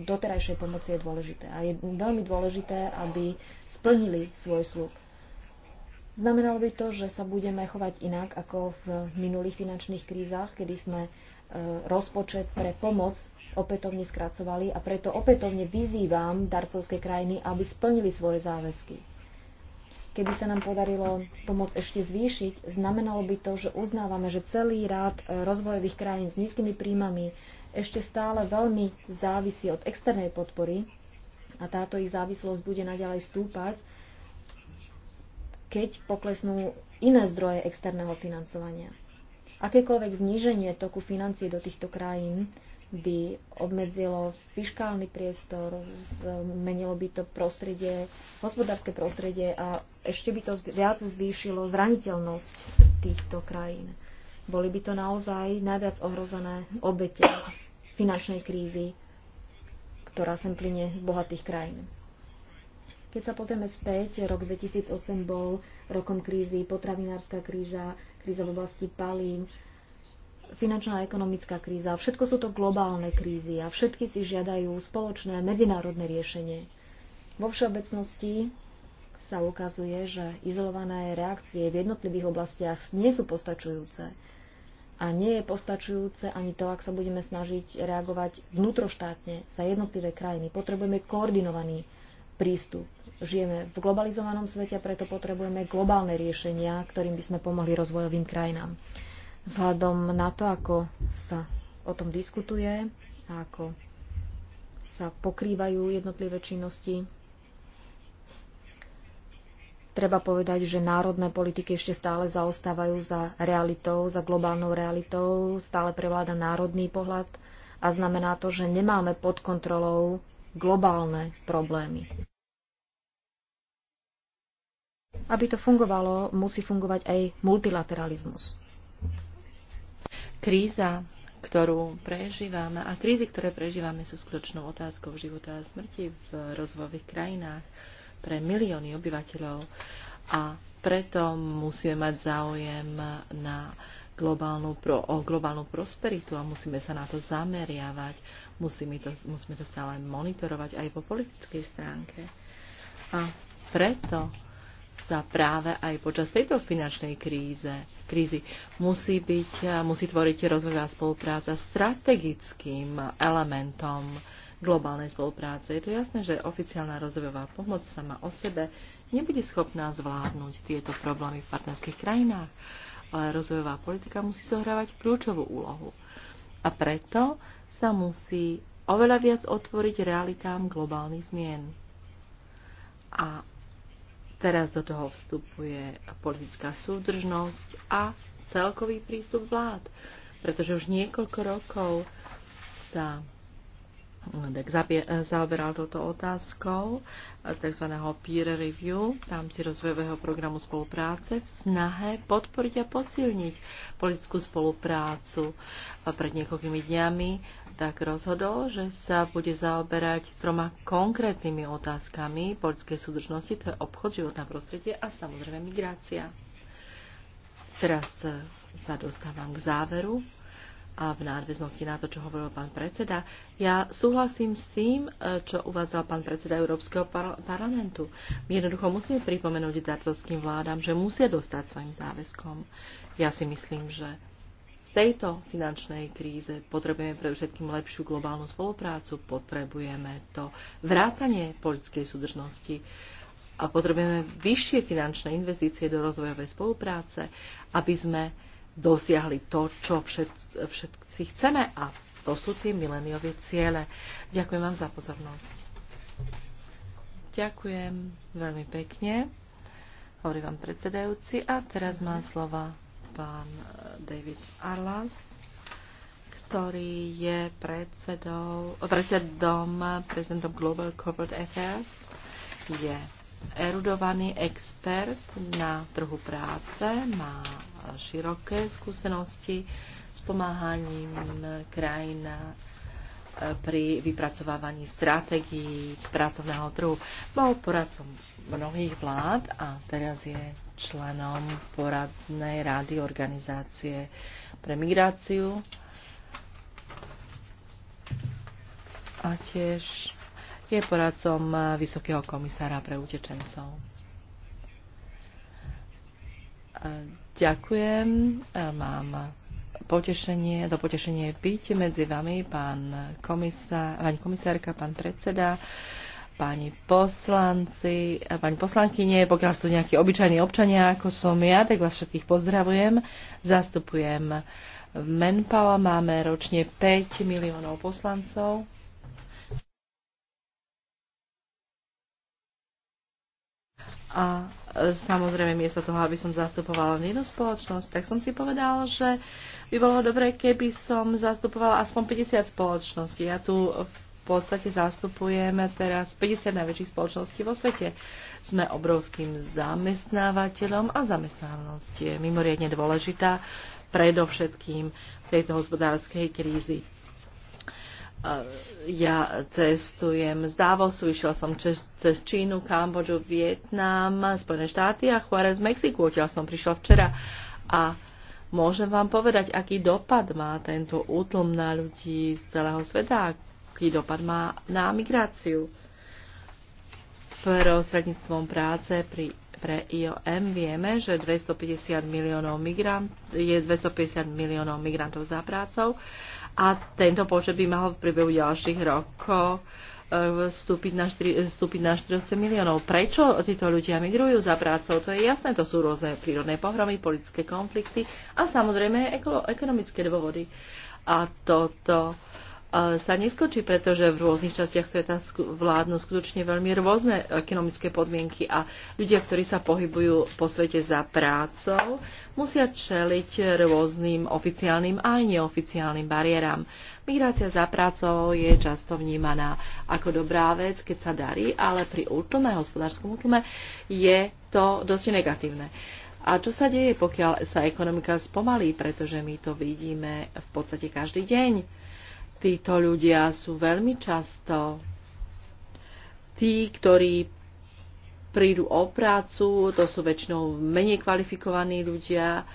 doterajšej pomoci je dôležité. A je veľmi dôležité, aby splnili svoj slub. Znamenalo by to, že sa budeme chovať inak ako v minulých finančných krízach, kedy sme e, rozpočet pre pomoc opätovne skracovali a preto opätovne vyzývam darcovské krajiny, aby splnili svoje záväzky. Keby sa nám podarilo pomoc ešte zvýšiť, znamenalo by to, že uznávame, že celý rád e, rozvojových krajín s nízkymi príjmami ešte stále veľmi závisí od externej podpory a táto ich závislosť bude naďalej stúpať, keď poklesnú iné zdroje externého financovania. Akékoľvek zníženie toku financií do týchto krajín by obmedzilo fiskálny priestor, zmenilo by to prostredie, hospodárske prostredie a ešte by to viac zvýšilo zraniteľnosť týchto krajín. Boli by to naozaj najviac ohrozené obete finančnej krízy, ktorá sem plyne z bohatých krajín. Keď sa pozrieme späť, rok 2008 bol rokom krízy, potravinárska kríza, kríza v oblasti palín, finančná a ekonomická kríza. Všetko sú to globálne krízy a všetky si žiadajú spoločné medzinárodné riešenie. Vo všeobecnosti sa ukazuje, že izolované reakcie v jednotlivých oblastiach nie sú postačujúce. A nie je postačujúce ani to, ak sa budeme snažiť reagovať vnútroštátne za jednotlivé krajiny. Potrebujeme koordinovaný prístup. Žijeme v globalizovanom svete a preto potrebujeme globálne riešenia, ktorým by sme pomohli rozvojovým krajinám. Vzhľadom na to, ako sa o tom diskutuje a ako sa pokrývajú jednotlivé činnosti Treba povedať, že národné politiky ešte stále zaostávajú za realitou, za globálnou realitou, stále prevláda národný pohľad a znamená to, že nemáme pod kontrolou globálne problémy. Aby to fungovalo, musí fungovať aj multilateralizmus. Kríza, ktorú prežívame a krízy, ktoré prežívame, sú skutočnou otázkou života a smrti v rozvojových krajinách pre milióny obyvateľov a preto musíme mať záujem na globálnu, pro, o globálnu prosperitu a musíme sa na to zameriavať, musíme to, musíme to stále monitorovať aj po politickej stránke. A preto sa práve aj počas tejto finančnej kríze, krízy musí, byť, musí tvoriť rozvojová spolupráca strategickým elementom globálnej spolupráce. Je to jasné, že oficiálna rozvojová pomoc sama o sebe nebude schopná zvládnuť tieto problémy v partnerských krajinách, ale rozvojová politika musí zohrávať kľúčovú úlohu. A preto sa musí oveľa viac otvoriť realitám globálnych zmien. A Teraz do toho vstupuje politická súdržnosť a celkový prístup vlád, pretože už niekoľko rokov sa tak e, zaoberal touto otázkou e, tzv. peer review v rámci rozvojového programu spolupráce v snahe podporiť a posilniť politickú spoluprácu. A pred niekoľkými dňami tak rozhodol, že sa bude zaoberať troma konkrétnymi otázkami politickej súdržnosti, to je obchod, životná prostredie a samozrejme migrácia. Teraz e, sa dostávam k záveru a v nadväznosti na to, čo hovoril pán predseda, ja súhlasím s tým, e, čo uvádzal pán predseda Európskeho par- parlamentu. My jednoducho musíme pripomenúť darcovským vládam, že musia dostať svojim záväzkom. Ja si myslím, že v tejto finančnej kríze potrebujeme predovšetkým lepšiu globálnu spoluprácu, potrebujeme to vrátanie politickej súdržnosti a potrebujeme vyššie finančné investície do rozvojovej spolupráce, aby sme dosiahli to, čo všet, všetci chceme a to sú tie mileniové ciele. Ďakujem vám za pozornosť. Ďakujem veľmi pekne. Hovorí vám predsedajúci a teraz má slova pán eh, David Arlas, ktorý je predsedou, predsedom, prezidentom Global Corporate Affairs. Je erudovaný expert na trhu práce, má široké skúsenosti s pomáhaním krajín e, pri vypracovávaní stratégií pracovného trhu. Bol poradcom mnohých vlád a teraz je členom poradnej rady organizácie pre migráciu a tiež je poradcom eh, Vysokého komisára pre utečencov. Eh, ďakujem. Eh, mám potešenie, do potešenie byť medzi vami, pán komisár, pani komisárka, pán predseda, pani poslanci, pani poslankyne, pokiaľ sú nejakí obyčajní občania, ako som ja, tak vás všetkých pozdravujem. Zastupujem Menpala, máme ročne 5 miliónov poslancov A e, samozrejme, miesto toho, aby som zastupovala len jednu spoločnosť, tak som si povedala, že by bolo dobré, keby som zastupovala aspoň 50 spoločností. Ja tu v podstate zastupujeme teraz 50 najväčších spoločností vo svete. Sme obrovským zamestnávateľom a zamestnávnosť je mimoriadne dôležitá predovšetkým v tejto hospodárskej krízi ja cestujem z Davosu, išiel som čes, cez Čínu, Kambodžu, Vietnam, Spojené štáty a Juarez, Mexiku, odtiaľ som prišla včera. A môžem vám povedať, aký dopad má tento útlm na ľudí z celého sveta, aký dopad má na migráciu. Prostredníctvom práce pri pre IOM vieme, že 250 miliónov migrant, je 250 miliónov migrantov za prácou a tento počet by mal v priebehu ďalších rokov e, vstúpiť na, 4, vstúpiť na 400 miliónov. Prečo títo ľudia migrujú za prácou? To je jasné, to sú rôzne prírodné pohromy, politické konflikty a samozrejme ekonomické dôvody. A toto sa neskočí, pretože v rôznych častiach sveta vládnu skutočne veľmi rôzne ekonomické podmienky a ľudia, ktorí sa pohybujú po svete za prácou, musia čeliť rôznym oficiálnym a aj neoficiálnym bariéram. Migrácia za prácou je často vnímaná ako dobrá vec, keď sa darí, ale pri útlme, hospodárskom útlme je to dosť negatívne. A čo sa deje, pokiaľ sa ekonomika spomalí, pretože my to vidíme v podstate každý deň Títo ľudia sú veľmi často tí, ktorí prídu o prácu, to sú väčšinou menej kvalifikovaní ľudia,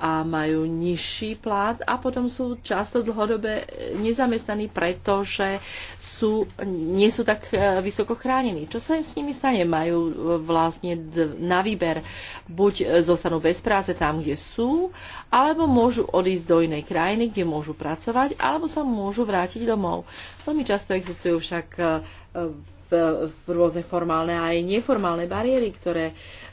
a majú nižší plat a potom sú často dlhodobé nezamestnaní, pretože sú, nie sú tak e, vysoko chránení. Čo sa s nimi stane? Majú e, vlastne na výber buď e, zostanú bez práce tam, kde sú, alebo môžu odísť do inej krajiny, kde môžu pracovať, alebo sa môžu vrátiť domov. Veľmi často existujú však v rôzne formálne a aj neformálne bariéry, ktoré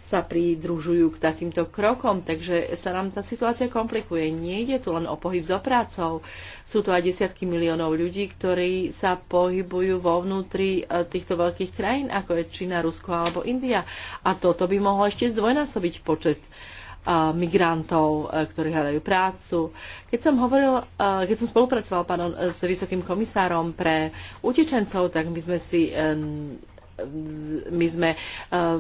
sa pridružujú k takýmto krokom. Takže sa nám tá situácia komplikuje. Nejde tu len o pohyb zo prácou. Sú tu aj desiatky miliónov ľudí, ktorí sa pohybujú vo vnútri e, týchto veľkých krajín, ako je Čína, Rusko alebo India. A toto by mohlo ešte zdvojnásobiť počet uh, migrantov, e, ktorí hľadajú prácu. Keď som, hovoril, e, keď som spolupracoval pardon, s vysokým komisárom pre utečencov, tak my sme si e, my sme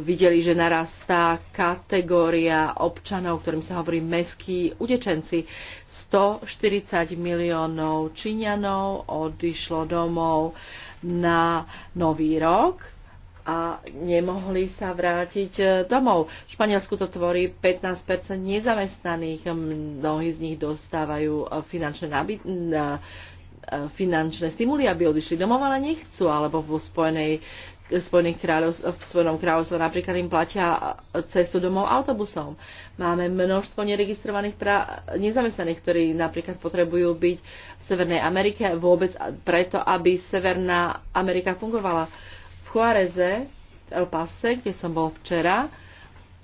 videli, že narastá kategória občanov, ktorým sa hovorí meskí utečenci. 140 miliónov Číňanov odišlo domov na Nový rok a nemohli sa vrátiť e, domov. V Španielsku to tvorí 15 nezamestnaných, mnohí z nich dostávajú e, finančné nábyt, e, finančné stimuly, aby odišli domov, ale nechcú, alebo vo Spojenej Spojených v Spojenom kráľovstve napríklad im platia cestu domov autobusom. Máme množstvo neregistrovaných pra- nezamestnaných, ktorí napríklad potrebujú byť v Severnej Amerike vôbec preto, aby Severná Amerika fungovala. Uh, Juareze v El Pase, kde som bol včera,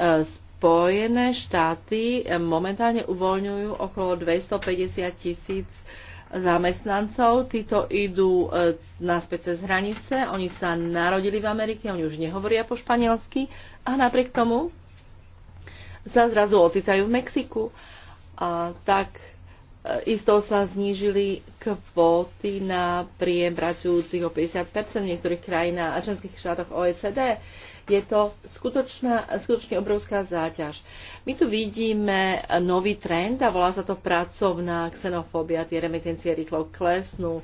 e, Spojené štáty e, momentálne uvoľňujú okolo 250 tisíc zamestnancov. Títo idú e, naspäť cez hranice. Oni sa narodili v Amerike, oni už nehovoria po španielsky a napriek tomu sa zrazu ocitajú v Mexiku. A tak E, isto sa znížili kvóty na príjem pracujúcich o 50 v niektorých krajinách a členských štátoch OECD. Je to skutočná, skutočne obrovská záťaž. My tu vidíme nový trend a volá sa to pracovná xenofóbia. Tie remitencie rýchlo klesnú. E,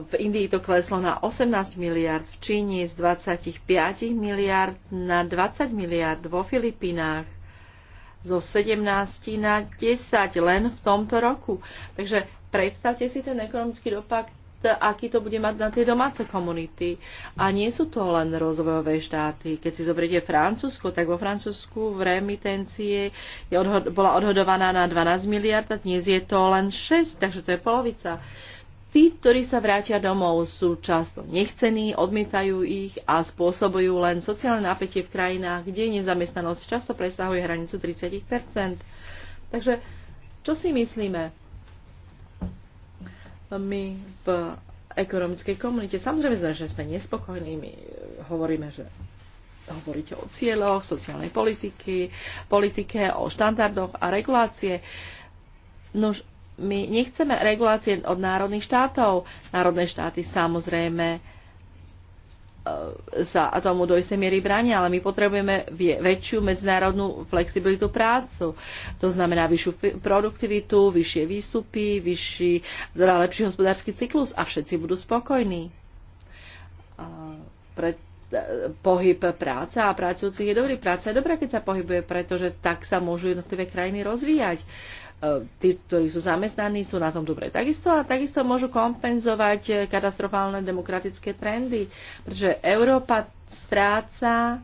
v Indii to kleslo na 18 miliard, v Číne z 25 miliard na 20 miliard, vo Filipínach zo 17 na 10 len v tomto roku. Takže predstavte si ten ekonomický dopad aký to bude mať na tie domáce komunity. A nie sú to len rozvojové štáty. Keď si zoberiete Francúzsko, tak vo Francúzsku v remitencie je odhod- bola odhodovaná na 12 miliard a dnes je to len 6, takže to je polovica. Uh, Tí, ktorí sa vrátia domov, sú často nechcení, odmietajú ich a spôsobujú len sociálne napätie v krajinách, kde nezamestnanosť často presahuje hranicu 30 Takže čo si myslíme? My v ekonomickej komunite, samozrejme, že sme nespokojní, my e, hovoríme, že hovoríte o cieľoch, sociálnej politiky, politike, o štandardoch a regulácie. Nož my nechceme regulácie od národných štátov. Národné štáty samozrejme e, sa tomu do istej miery bránia, ale my potrebujeme väčšiu medzinárodnú flexibilitu prácu. To znamená vyššiu produktivitu, vyššie výstupy, vyšší, teda lepší hospodársky cyklus a všetci budú spokojní. E, Pre, e, pohyb práca a pracujúcich je dobrý. Práca je dobrá, keď sa pohybuje, pretože tak sa môžu jednotlivé krajiny rozvíjať. Uh, tí, ktorí sú zamestnaní, sú na tom dobre takisto a takisto môžu kompenzovať eh, katastrofálne demokratické trendy, pretože Európa stráca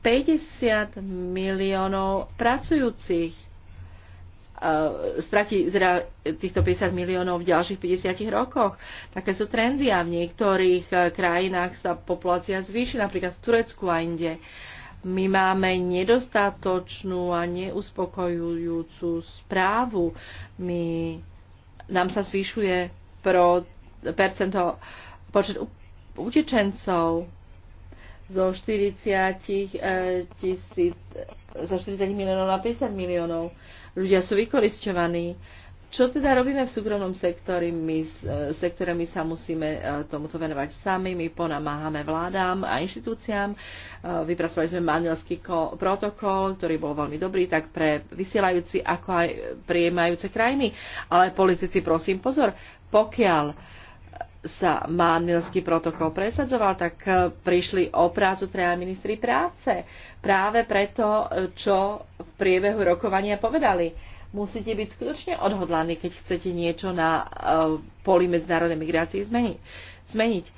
50 miliónov pracujúcich. Eh, stratí teda týchto 50 miliónov v ďalších 50 rokoch. Také sú trendy a v niektorých eh, krajinách sa populácia zvýši, napríklad v Turecku a inde. Uh, my máme nedostatočnú a neuspokojujúcu správu. My, nám sa zvyšuje pro, percento, počet utečencov zo 40 eh, tisíc, zo 40 miliónov na 50 miliónov. Ľudia sú vykoristovaní čo teda robíme v súkromnom sektore? My, e, sektore my sa musíme e, tomuto venovať sami, my ponamáhame vládám a inštitúciám. E, vypracovali sme manilský protokol, ktorý bol veľmi dobrý, tak pre vysielajúci ako aj prijemajúce krajiny. Ale politici, prosím, pozor, pokiaľ sa manielský protokol presadzoval, tak prišli o prácu traja ministri práce. Práve preto, čo v priebehu rokovania povedali musíte byť skutočne odhodlaní, keď chcete niečo na eh, poli medzinárodnej migrácie zmeniť.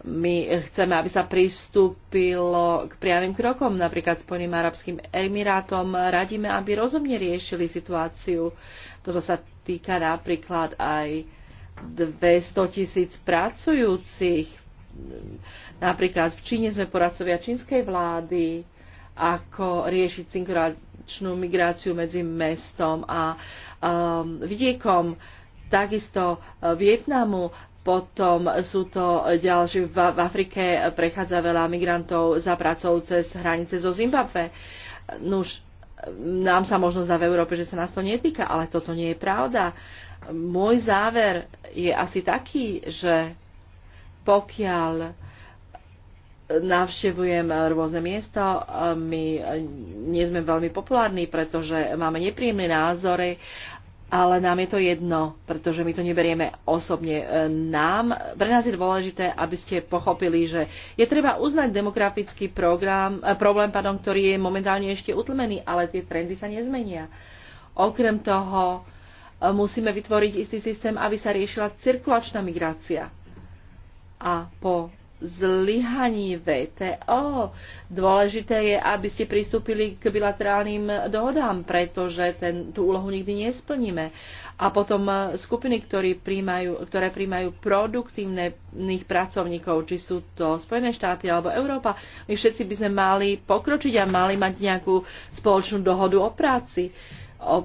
My chceme, aby sa pristúpilo k priamým krokom, napríklad Spojeným arabským emirátom. Radíme, aby rozumne riešili situáciu. Toto sa týka napríklad aj 200 tisíc pracujúcich. Napríklad v Číne sme poradcovia čínskej vlády ako riešiť synchronačnú migráciu medzi mestom a um, vidiekom, takisto uh, Vietnamu, potom sú to ďalšie, v, v Afrike prechádza veľa migrantov za pracou cez hranice zo Zimbabve. Nuž, nám sa možno zdá v Európe, že sa nás to netýka, ale toto nie je pravda. Môj záver je asi taký, že pokiaľ navštevujem rôzne miesta. My nie sme veľmi populárni, pretože máme nepríjemné názory, ale nám je to jedno, pretože my to neberieme osobne. Nám, pre nás je dôležité, aby ste pochopili, že je treba uznať demografický program, eh, problém, pardon, ktorý je momentálne ešte utlmený, ale tie trendy sa nezmenia. Okrem toho eh, musíme vytvoriť istý systém, aby sa riešila cirkulačná migrácia. A po zlyhaní VTO. Dôležité je, aby ste pristúpili k bilaterálnym dohodám, pretože ten, tú úlohu nikdy nesplníme. A potom eh, skupiny, príjmajú, ktoré príjmajú produktívnych pracovníkov, či sú to Spojené štáty alebo Európa, my všetci by sme mali pokročiť a mali mať nejakú spoločnú dohodu o práci o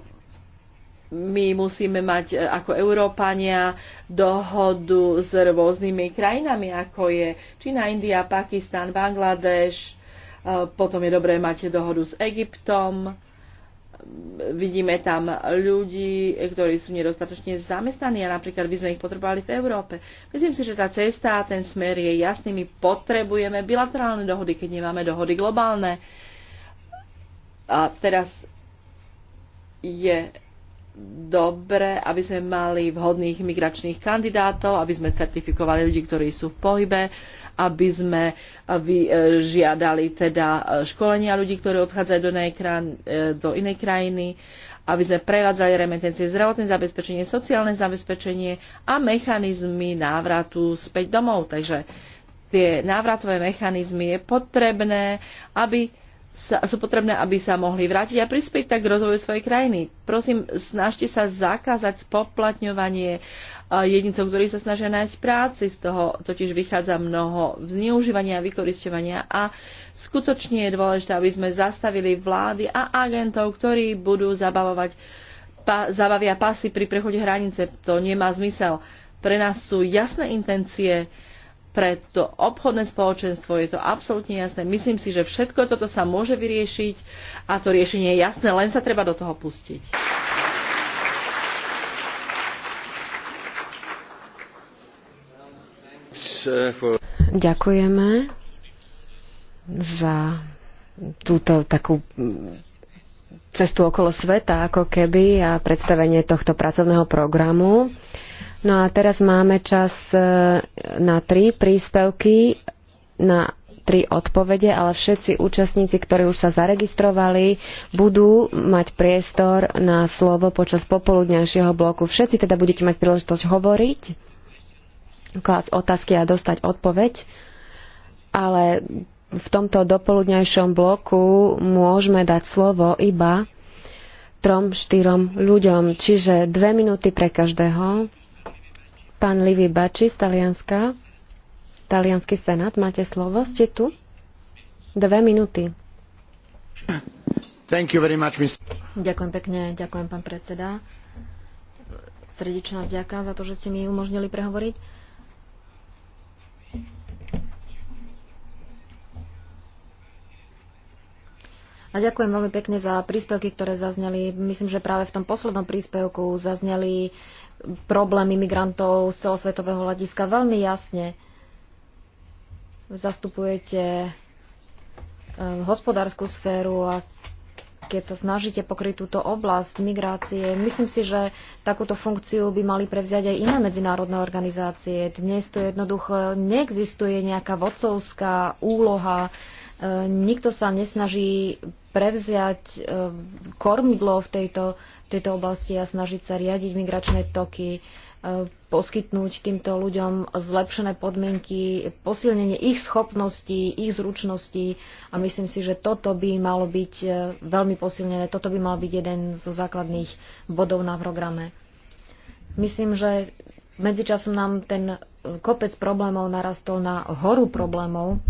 my musíme mať e, ako Európania dohodu s rôznymi krajinami, ako je Čína, India, Pakistan, Bangladeš. E, potom je dobré mať dohodu s Egyptom. E, vidíme tam ľudí, ktorí sú nedostatočne zamestnaní a napríklad by sme ich potrebovali v Európe. Myslím si, že tá cesta a ten smer je jasný. My potrebujeme bilaterálne dohody, keď nemáme dohody globálne. A teraz je dobre, aby sme mali vhodných migračných kandidátov, aby sme certifikovali ľudí, ktorí sú v pohybe, aby sme žiadali teda školenia ľudí, ktorí odchádzajú do, krán, do inej krajiny, aby sme prevádzali remetencie zdravotné zabezpečenie, sociálne zabezpečenie a mechanizmy návratu späť domov. Takže tie návratové mechanizmy je potrebné, aby sa, sú potrebné, aby sa mohli vrátiť a prispieť tak k rozvoju svojej krajiny. Prosím, snažte sa zakázať spoplatňovanie e, jedincov, ktorí sa snažia nájsť práci. Z toho totiž vychádza mnoho zneužívania a vykoristovania a skutočne je dôležité, aby sme zastavili vlády a agentov, ktorí budú zabavovať, pa, zabavia pasy pri prechode hranice. To nemá zmysel. Pre nás sú jasné intencie, uh, pre to obchodné spoločenstvo je to absolútne jasné. Myslím si, že všetko toto sa môže vyriešiť a to riešenie je jasné, len sa treba do toho pustiť. Ďakujeme za túto takú cestu okolo sveta, ako keby a predstavenie tohto pracovného programu. No a teraz máme čas e, na tri príspevky, na tri odpovede, ale všetci účastníci, ktorí už sa zaregistrovali, budú mať priestor na slovo počas popoludňajšieho bloku. Všetci teda budete mať príležitosť hovoriť, klásť otázky a dostať odpoveď, ale v tomto dopoludňajšom bloku môžeme dať slovo iba trom, štyrom ľuďom, čiže dve minúty pre každého Pán Livi Bači z Talianska, Talianský senát, máte slovo, ste tu? Dve minúty. Thank you very much, Mr. Ďakujem pekne, ďakujem pán predseda. Srdečná vďaka za to, že ste mi umožnili prehovoriť. A ďakujem veľmi pekne za príspevky, ktoré zazneli. Myslím, že práve v tom poslednom príspevku zazneli problémy migrantov z celosvetového hľadiska veľmi jasne. Zastupujete ehm, hospodárskú sféru a keď sa snažíte pokryť túto oblasť migrácie, myslím si, že takúto funkciu by mali prevziať aj iné medzinárodné organizácie. Dnes tu jednoducho neexistuje nejaká vodcovská úloha nikto sa nesnaží prevziať eh, kormidlo v tejto, tejto oblasti a snažiť sa riadiť migračné toky, eh, poskytnúť týmto ľuďom zlepšené podmienky, posilnenie ich schopností, ich zručností a myslím si, že toto by malo byť eh, veľmi posilnené, toto by mal byť jeden zo základných bodov na programe. Myslím, že medzičasom nám ten kopec problémov narastol na horu problémov,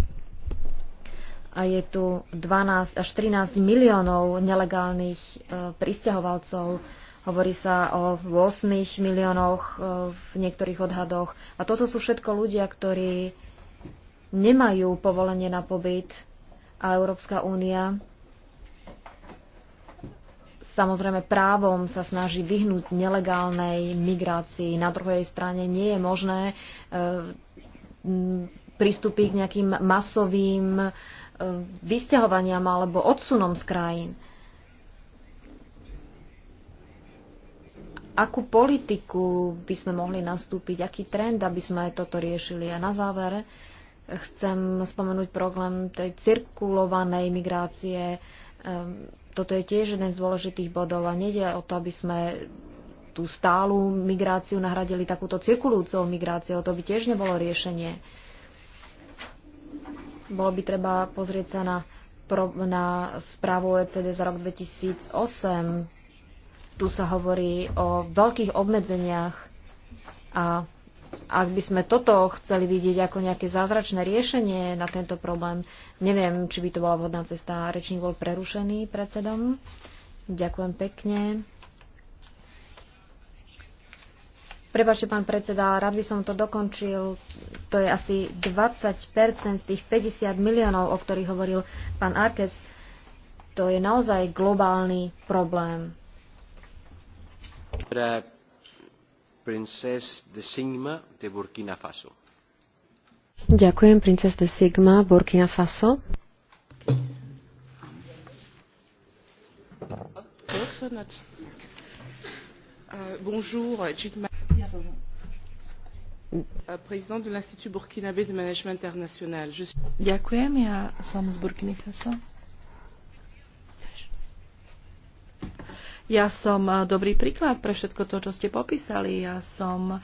a je tu 12 až 13 miliónov nelegálnych e, pristahovalcov. Hovorí sa o 8 miliónoch e, v niektorých odhadoch. A toto sú všetko ľudia, ktorí nemajú povolenie na pobyt a Európska únia samozrejme právom sa snaží vyhnúť nelegálnej migrácii. Na druhej strane nie je možné e, pristúpiť k nejakým masovým e, E, vysťahovaniam alebo odsunom z krajín. Akú politiku by sme mohli nastúpiť, aký trend, aby sme aj toto riešili. A na záver e, chcem spomenúť problém tej cirkulovanej migrácie. E, toto je tiež jeden z dôležitých bodov a nejde o to, aby sme tú stálu migráciu nahradili takúto cirkulujúcou migráciou. To by tiež nebolo riešenie bolo by treba pozrieť sa na, na správu OECD za rok 2008. Tu sa hovorí o veľkých obmedzeniach a ak by sme toto chceli vidieť ako nejaké zázračné riešenie na tento problém, neviem, či by to bola vhodná cesta. Rečník bol prerušený predsedom. Ďakujem pekne. Prepačte, pán predseda, rád by som to dokončil. To je asi 20 z tých 50 miliónov, o ktorých hovoril pán Arkes. To je naozaj globálny problém. Pre princes de Sigma de Burkina Faso. Ďakujem, princes de Sigma, Burkina Faso. Euh, bonjour, Jitma. Euh, Ďakujem, ja som z Burkina Faso. Ja som eh, dobrý príklad pre všetko to, čo ste popísali. Ja som eh,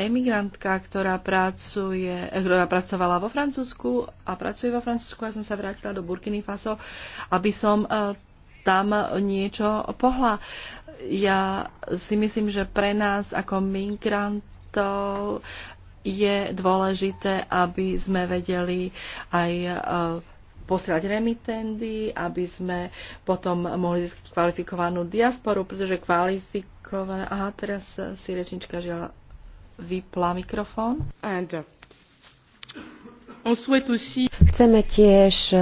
emigrantka, ktorá, pracuje, eh, ktorá pracovala vo Francúzsku a pracuje vo Francúzsku a som sa vrátila do Burkiny Faso, aby som tam niečo pohla. Ja si myslím, že pre nás ako migrantov je dôležité, aby sme vedeli aj e, posielať remitendy, aby sme potom mohli získať kvalifikovanú diasporu, pretože kvalifikovaná... Aha, teraz si rečnička žiaľ vypla mikrofón. And, uh, Chceme tiež e,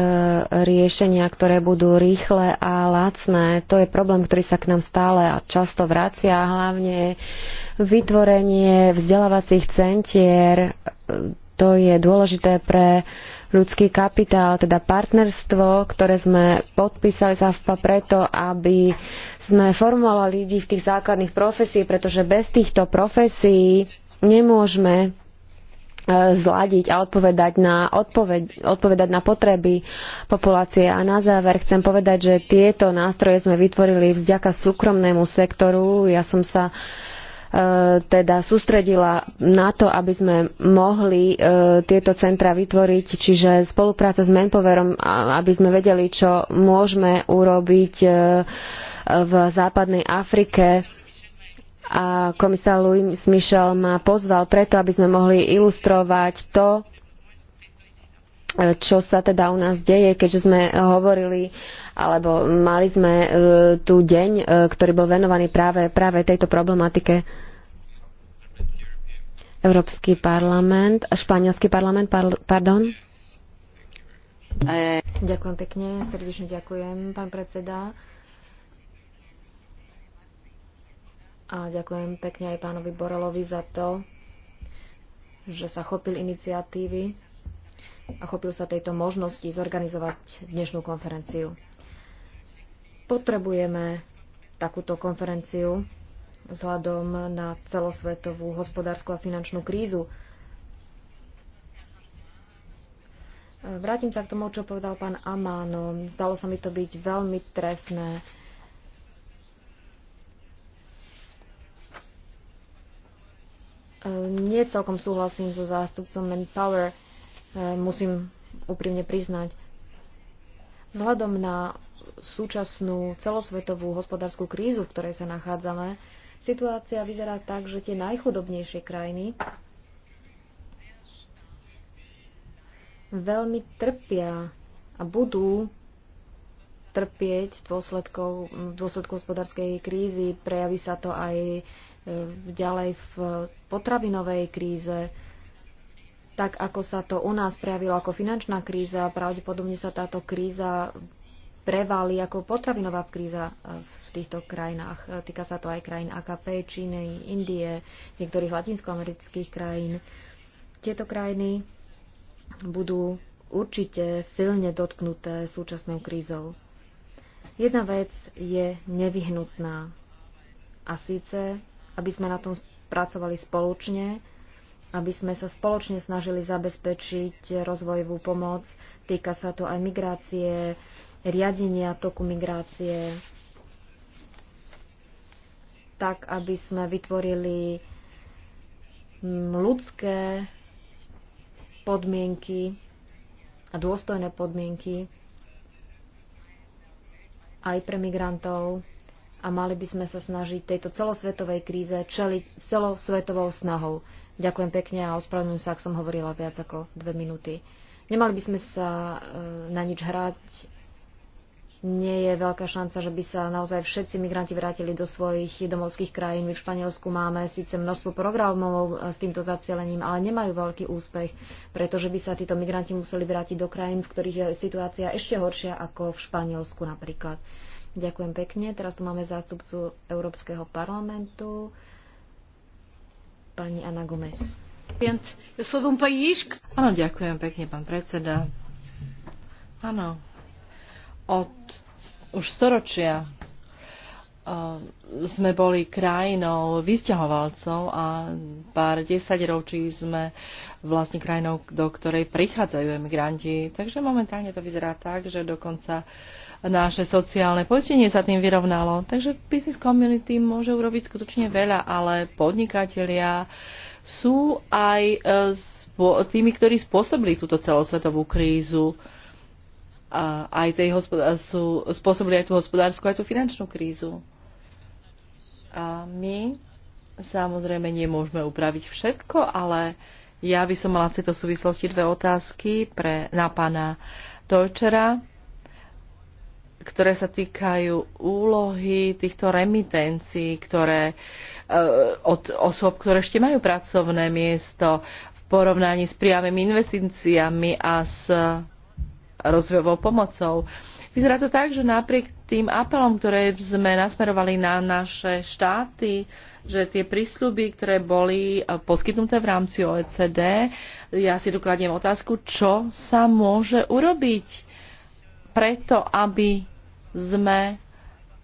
riešenia, ktoré budú rýchle a lacné. To je problém, ktorý sa k nám stále a často vracia, hlavne vytvorenie vzdelávacích centier. E, to je dôležité pre ľudský kapitál, teda partnerstvo, ktoré sme podpísali za FPA preto, aby sme formovali ľudí v tých základných profesí, pretože bez týchto profesí nemôžeme E, zladiť a odpovedať na, odpoveď, odpovedať na potreby populácie. A na záver chcem povedať, že tieto nástroje sme vytvorili vzďaka súkromnému sektoru. Ja som sa e, teda sústredila na to, aby sme mohli e, tieto centra vytvoriť, čiže spolupráca s Manpowerom, aby sme vedeli, čo môžeme urobiť v západnej Afrike a komisár Louis Michel ma pozval preto, aby sme mohli ilustrovať to, e, čo sa teda u nás deje, keďže sme hovorili alebo mali sme e, tu deň, e, ktorý bol venovaný práve, práve tejto problematike. Európsky parlament, španielský parlament, par, pardon. Ďakujem pekne, srdečne ďakujem, pán predseda. A ďakujem pekne aj pánovi Borelovi za to, že sa chopil iniciatívy a chopil sa tejto možnosti zorganizovať dnešnú konferenciu. Potrebujeme takúto konferenciu vzhľadom na celosvetovú hospodárskú a finančnú krízu. Vrátim sa k tomu, čo povedal pán Amáno. Zdalo sa mi to byť veľmi trefné. E, nie celkom súhlasím so zástupcom Manpower, e, musím úprimne priznať. Vzhľadom na súčasnú celosvetovú hospodárskú krízu, v ktorej sa nachádzame, situácia vyzerá tak, že tie najchudobnejšie krajiny veľmi trpia a budú trpieť v dôsledku, hospodárskej krízy. Prejaví sa to aj ďalej v potravinovej kríze, tak ako sa to u nás prejavilo ako finančná kríza, pravdepodobne sa táto kríza preváli ako potravinová kríza e, v týchto krajinách. E, týka sa to aj krajín AKP, Číny, Indie, niektorých latinskoamerických krajín. Tieto krajiny budú určite silne dotknuté súčasnou krízou. Jedna vec je nevyhnutná a síce aby sme na tom pracovali spoločne, aby sme sa spoločne snažili zabezpečiť rozvojovú pomoc. Týka sa to aj migrácie, riadenia toku migrácie, tak aby sme vytvorili mm, ľudské podmienky a dôstojné podmienky aj pre migrantov a mali by sme sa snažiť tejto celosvetovej kríze čeliť celosvetovou snahou. Ďakujem pekne a ospravedlňujem sa, ak som hovorila viac ako dve minúty. Nemali by sme sa e, na nič hrať. Nie je veľká šanca, že by sa naozaj všetci migranti vrátili do svojich domovských krajín. My v Španielsku máme síce množstvo programov e, s týmto zacielením, ale nemajú veľký úspech, pretože by sa títo migranti museli vrátiť do krajín, v ktorých je situácia ešte horšia ako v Španielsku napríklad. Ďakujem pekne. Teraz tu máme zástupcu Európskeho parlamentu, pani Ana Gomez. Áno, ďakujem pekne, pán predseda. Áno, od už storočia eh, sme boli krajinou vysťahovalcov a pár desaťročí sme vlastne krajinou, do ktorej prichádzajú emigranti. Takže momentálne to vyzerá tak, že dokonca uh, naše sociálne poistenie sa tým vyrovnalo. Takže business community môže urobiť skutočne veľa, ale podnikatelia sú aj e, tými, ktorí spôsobili túto celosvetovú krízu. a Aj tej sú, spôsobili aj tú hospodárskú, aj tú finančnú krízu. A my samozrejme nemôžeme upraviť všetko, ale ja by som mala v tejto súvislosti dve otázky pre, na pána Dojčera ktoré sa týkajú úlohy týchto remitencií, ktoré e, od osôb, ktoré ešte majú pracovné miesto v porovnaní s priamými investíciami a s rozvojovou pomocou. Vyzerá to tak, že napriek tým apelom, ktoré sme nasmerovali na naše štáty, že tie prísľuby, ktoré boli e, poskytnuté v rámci OECD, ja si dokladiem otázku, čo sa môže urobiť preto, aby sme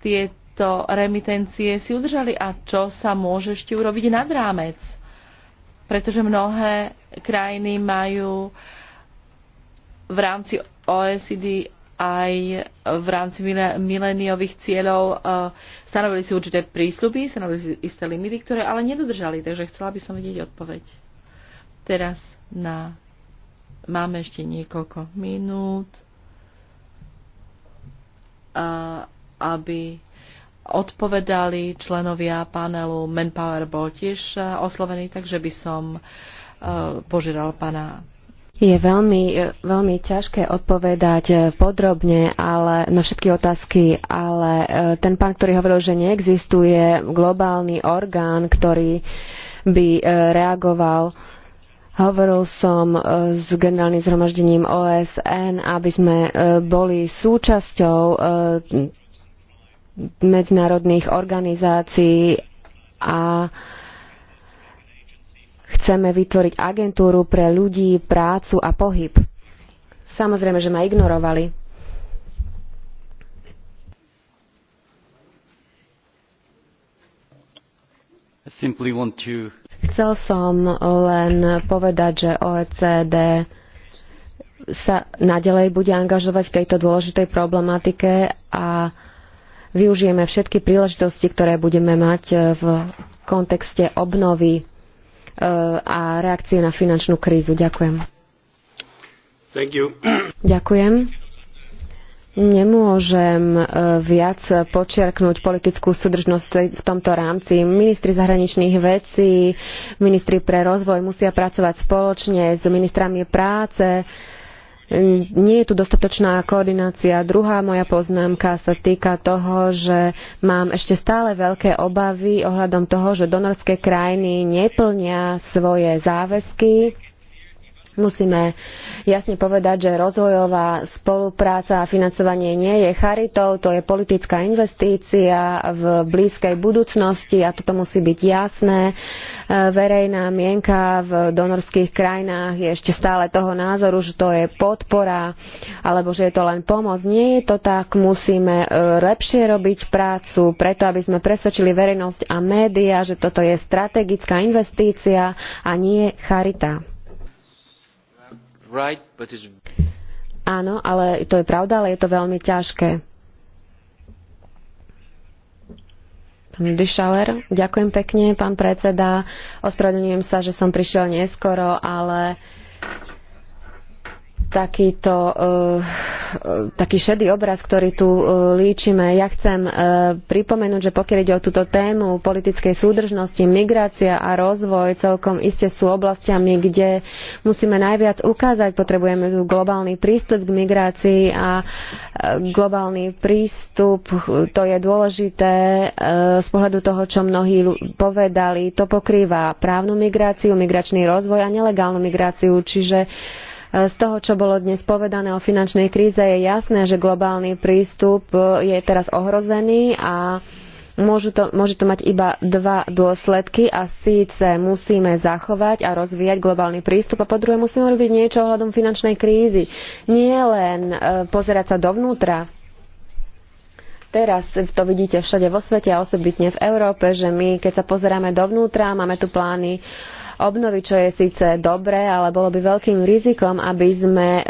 tieto remitencie si udržali a čo sa môže ešte urobiť nad rámec. Pretože mnohé krajiny majú v rámci OECD aj v rámci mileniových cieľov e, stanovili si určité prísľuby, stanovili si isté limity, ktoré ale nedodržali. Takže chcela by som vidieť odpoveď. Teraz na... Máme ešte niekoľko minút. aby odpovedali členovia panelu. Manpower bol tiež eh, oslovený, takže by som eh, požiadal pána je veľmi, eh, veľmi ťažké odpovedať podrobne ale, na všetky otázky, ale ten pán, ktorý hovoril, že neexistuje globálny orgán, ktorý by reagoval, hovoril som s generálnym zhromaždením OSN, aby sme boli súčasťou medzinárodných organizácií a chceme vytvoriť agentúru pre ľudí, prácu a pohyb. Samozrejme, že ma ignorovali. Chcel som len povedať, že OECD sa nadalej bude angažovať v tejto dôležitej problematike a využijeme všetky príležitosti, ktoré budeme mať e, v kontexte obnovy e, a reakcie na finančnú krízu. Ďakujem. Thank you. Ďakujem. Nemôžem e, viac počiarknúť politickú súdržnosť v tomto rámci. Ministri zahraničných vecí, ministri pre rozvoj musia pracovať spoločne s ministrami práce, nie je tu dostatočná koordinácia. Druhá moja poznámka sa týka toho, že mám ešte stále veľké obavy ohľadom toho, že donorské krajiny neplnia svoje záväzky Musíme jasne povedať, že rozvojová spolupráca a financovanie nie je charitou, to je politická investícia v blízkej budúcnosti a toto musí byť jasné. E, verejná mienka v donorských krajinách je ešte stále toho názoru, že to je podpora alebo že je to len pomoc. Nie je to tak, musíme e, lepšie robiť prácu preto, aby sme presvedčili verejnosť a médiá, že toto je strategická investícia a nie charita. Áno, ale to je pravda, ale je to veľmi ťažké. Pán ďakujem pekne, pán predseda. Ospravedlňujem sa, že som prišiel neskoro, ale uh, takýto eh, taký šedý obraz, ktorý tu eh, líčime. Ja chcem eh, pripomenúť, že pokiaľ ide o túto tému politickej súdržnosti, migrácia a rozvoj celkom iste sú oblastiami, kde musíme najviac ukázať. Potrebujeme tu globálny prístup k migrácii a globálny prístup, to je dôležité z pohľadu toho, čo mnohí povedali. To pokrýva právnu migráciu, migračný rozvoj a nelegálnu migráciu, čiže z toho, čo bolo dnes povedané o finančnej kríze, je jasné, že globálny prístup e, je teraz ohrozený a môžu to, môže to mať iba dva dôsledky a síce musíme zachovať a rozvíjať globálny prístup a po druhé musíme robiť niečo ohľadom finančnej krízy. Nie len e, pozerať sa dovnútra. Teraz to vidíte všade vo svete a osobitne v Európe, že my, keď sa pozeráme dovnútra, máme tu plány e, obnovy, čo je síce dobré, ale bolo by veľkým rizikom, aby sme e,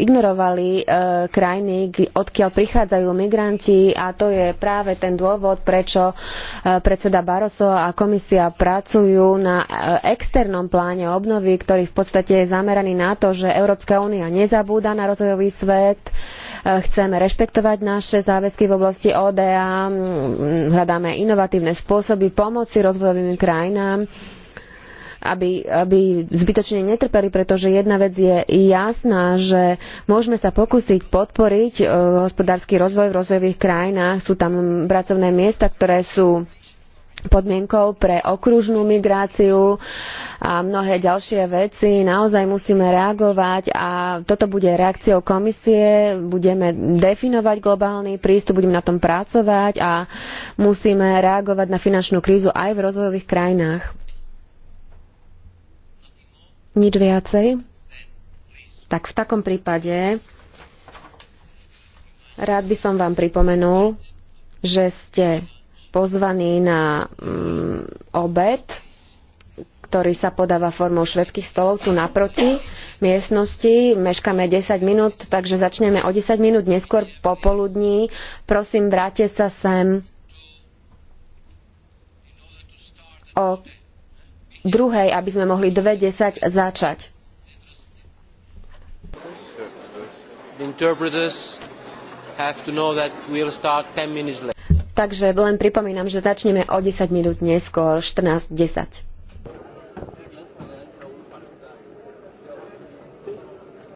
ignorovali e, krajiny, odkiaľ prichádzajú migranti a to je práve ten dôvod, prečo e, predseda Barroso a komisia pracujú na externom pláne obnovy, ktorý v podstate je zameraný na to, že Európska únia nezabúda na rozvojový svet, chceme rešpektovať naše záväzky v oblasti ODA, hľadáme inovatívne spôsoby pomoci rozvojovým krajinám aby, aby zbytočne netrpeli, pretože jedna vec je jasná, že môžeme sa pokúsiť podporiť e, hospodársky rozvoj v rozvojových krajinách. Sú tam pracovné miesta, ktoré sú podmienkou pre okružnú migráciu a mnohé ďalšie veci. Naozaj musíme reagovať a toto bude reakciou komisie. Budeme definovať globálny prístup, budeme na tom pracovať a musíme reagovať na finančnú krízu aj v rozvojových krajinách. Nič viacej? Tak v takom prípade rád by som vám pripomenul, že ste pozvaní na mm, obed, ktorý sa podáva formou švedských stolov tu naproti miestnosti. Meškáme 10 minút, takže začneme o 10 minút neskôr popoludní. Prosím, vráte sa sem o druhej, aby sme mohli 2.10 začať. Takže len pripomínam, že začneme o 10 minút neskôr, 14.10.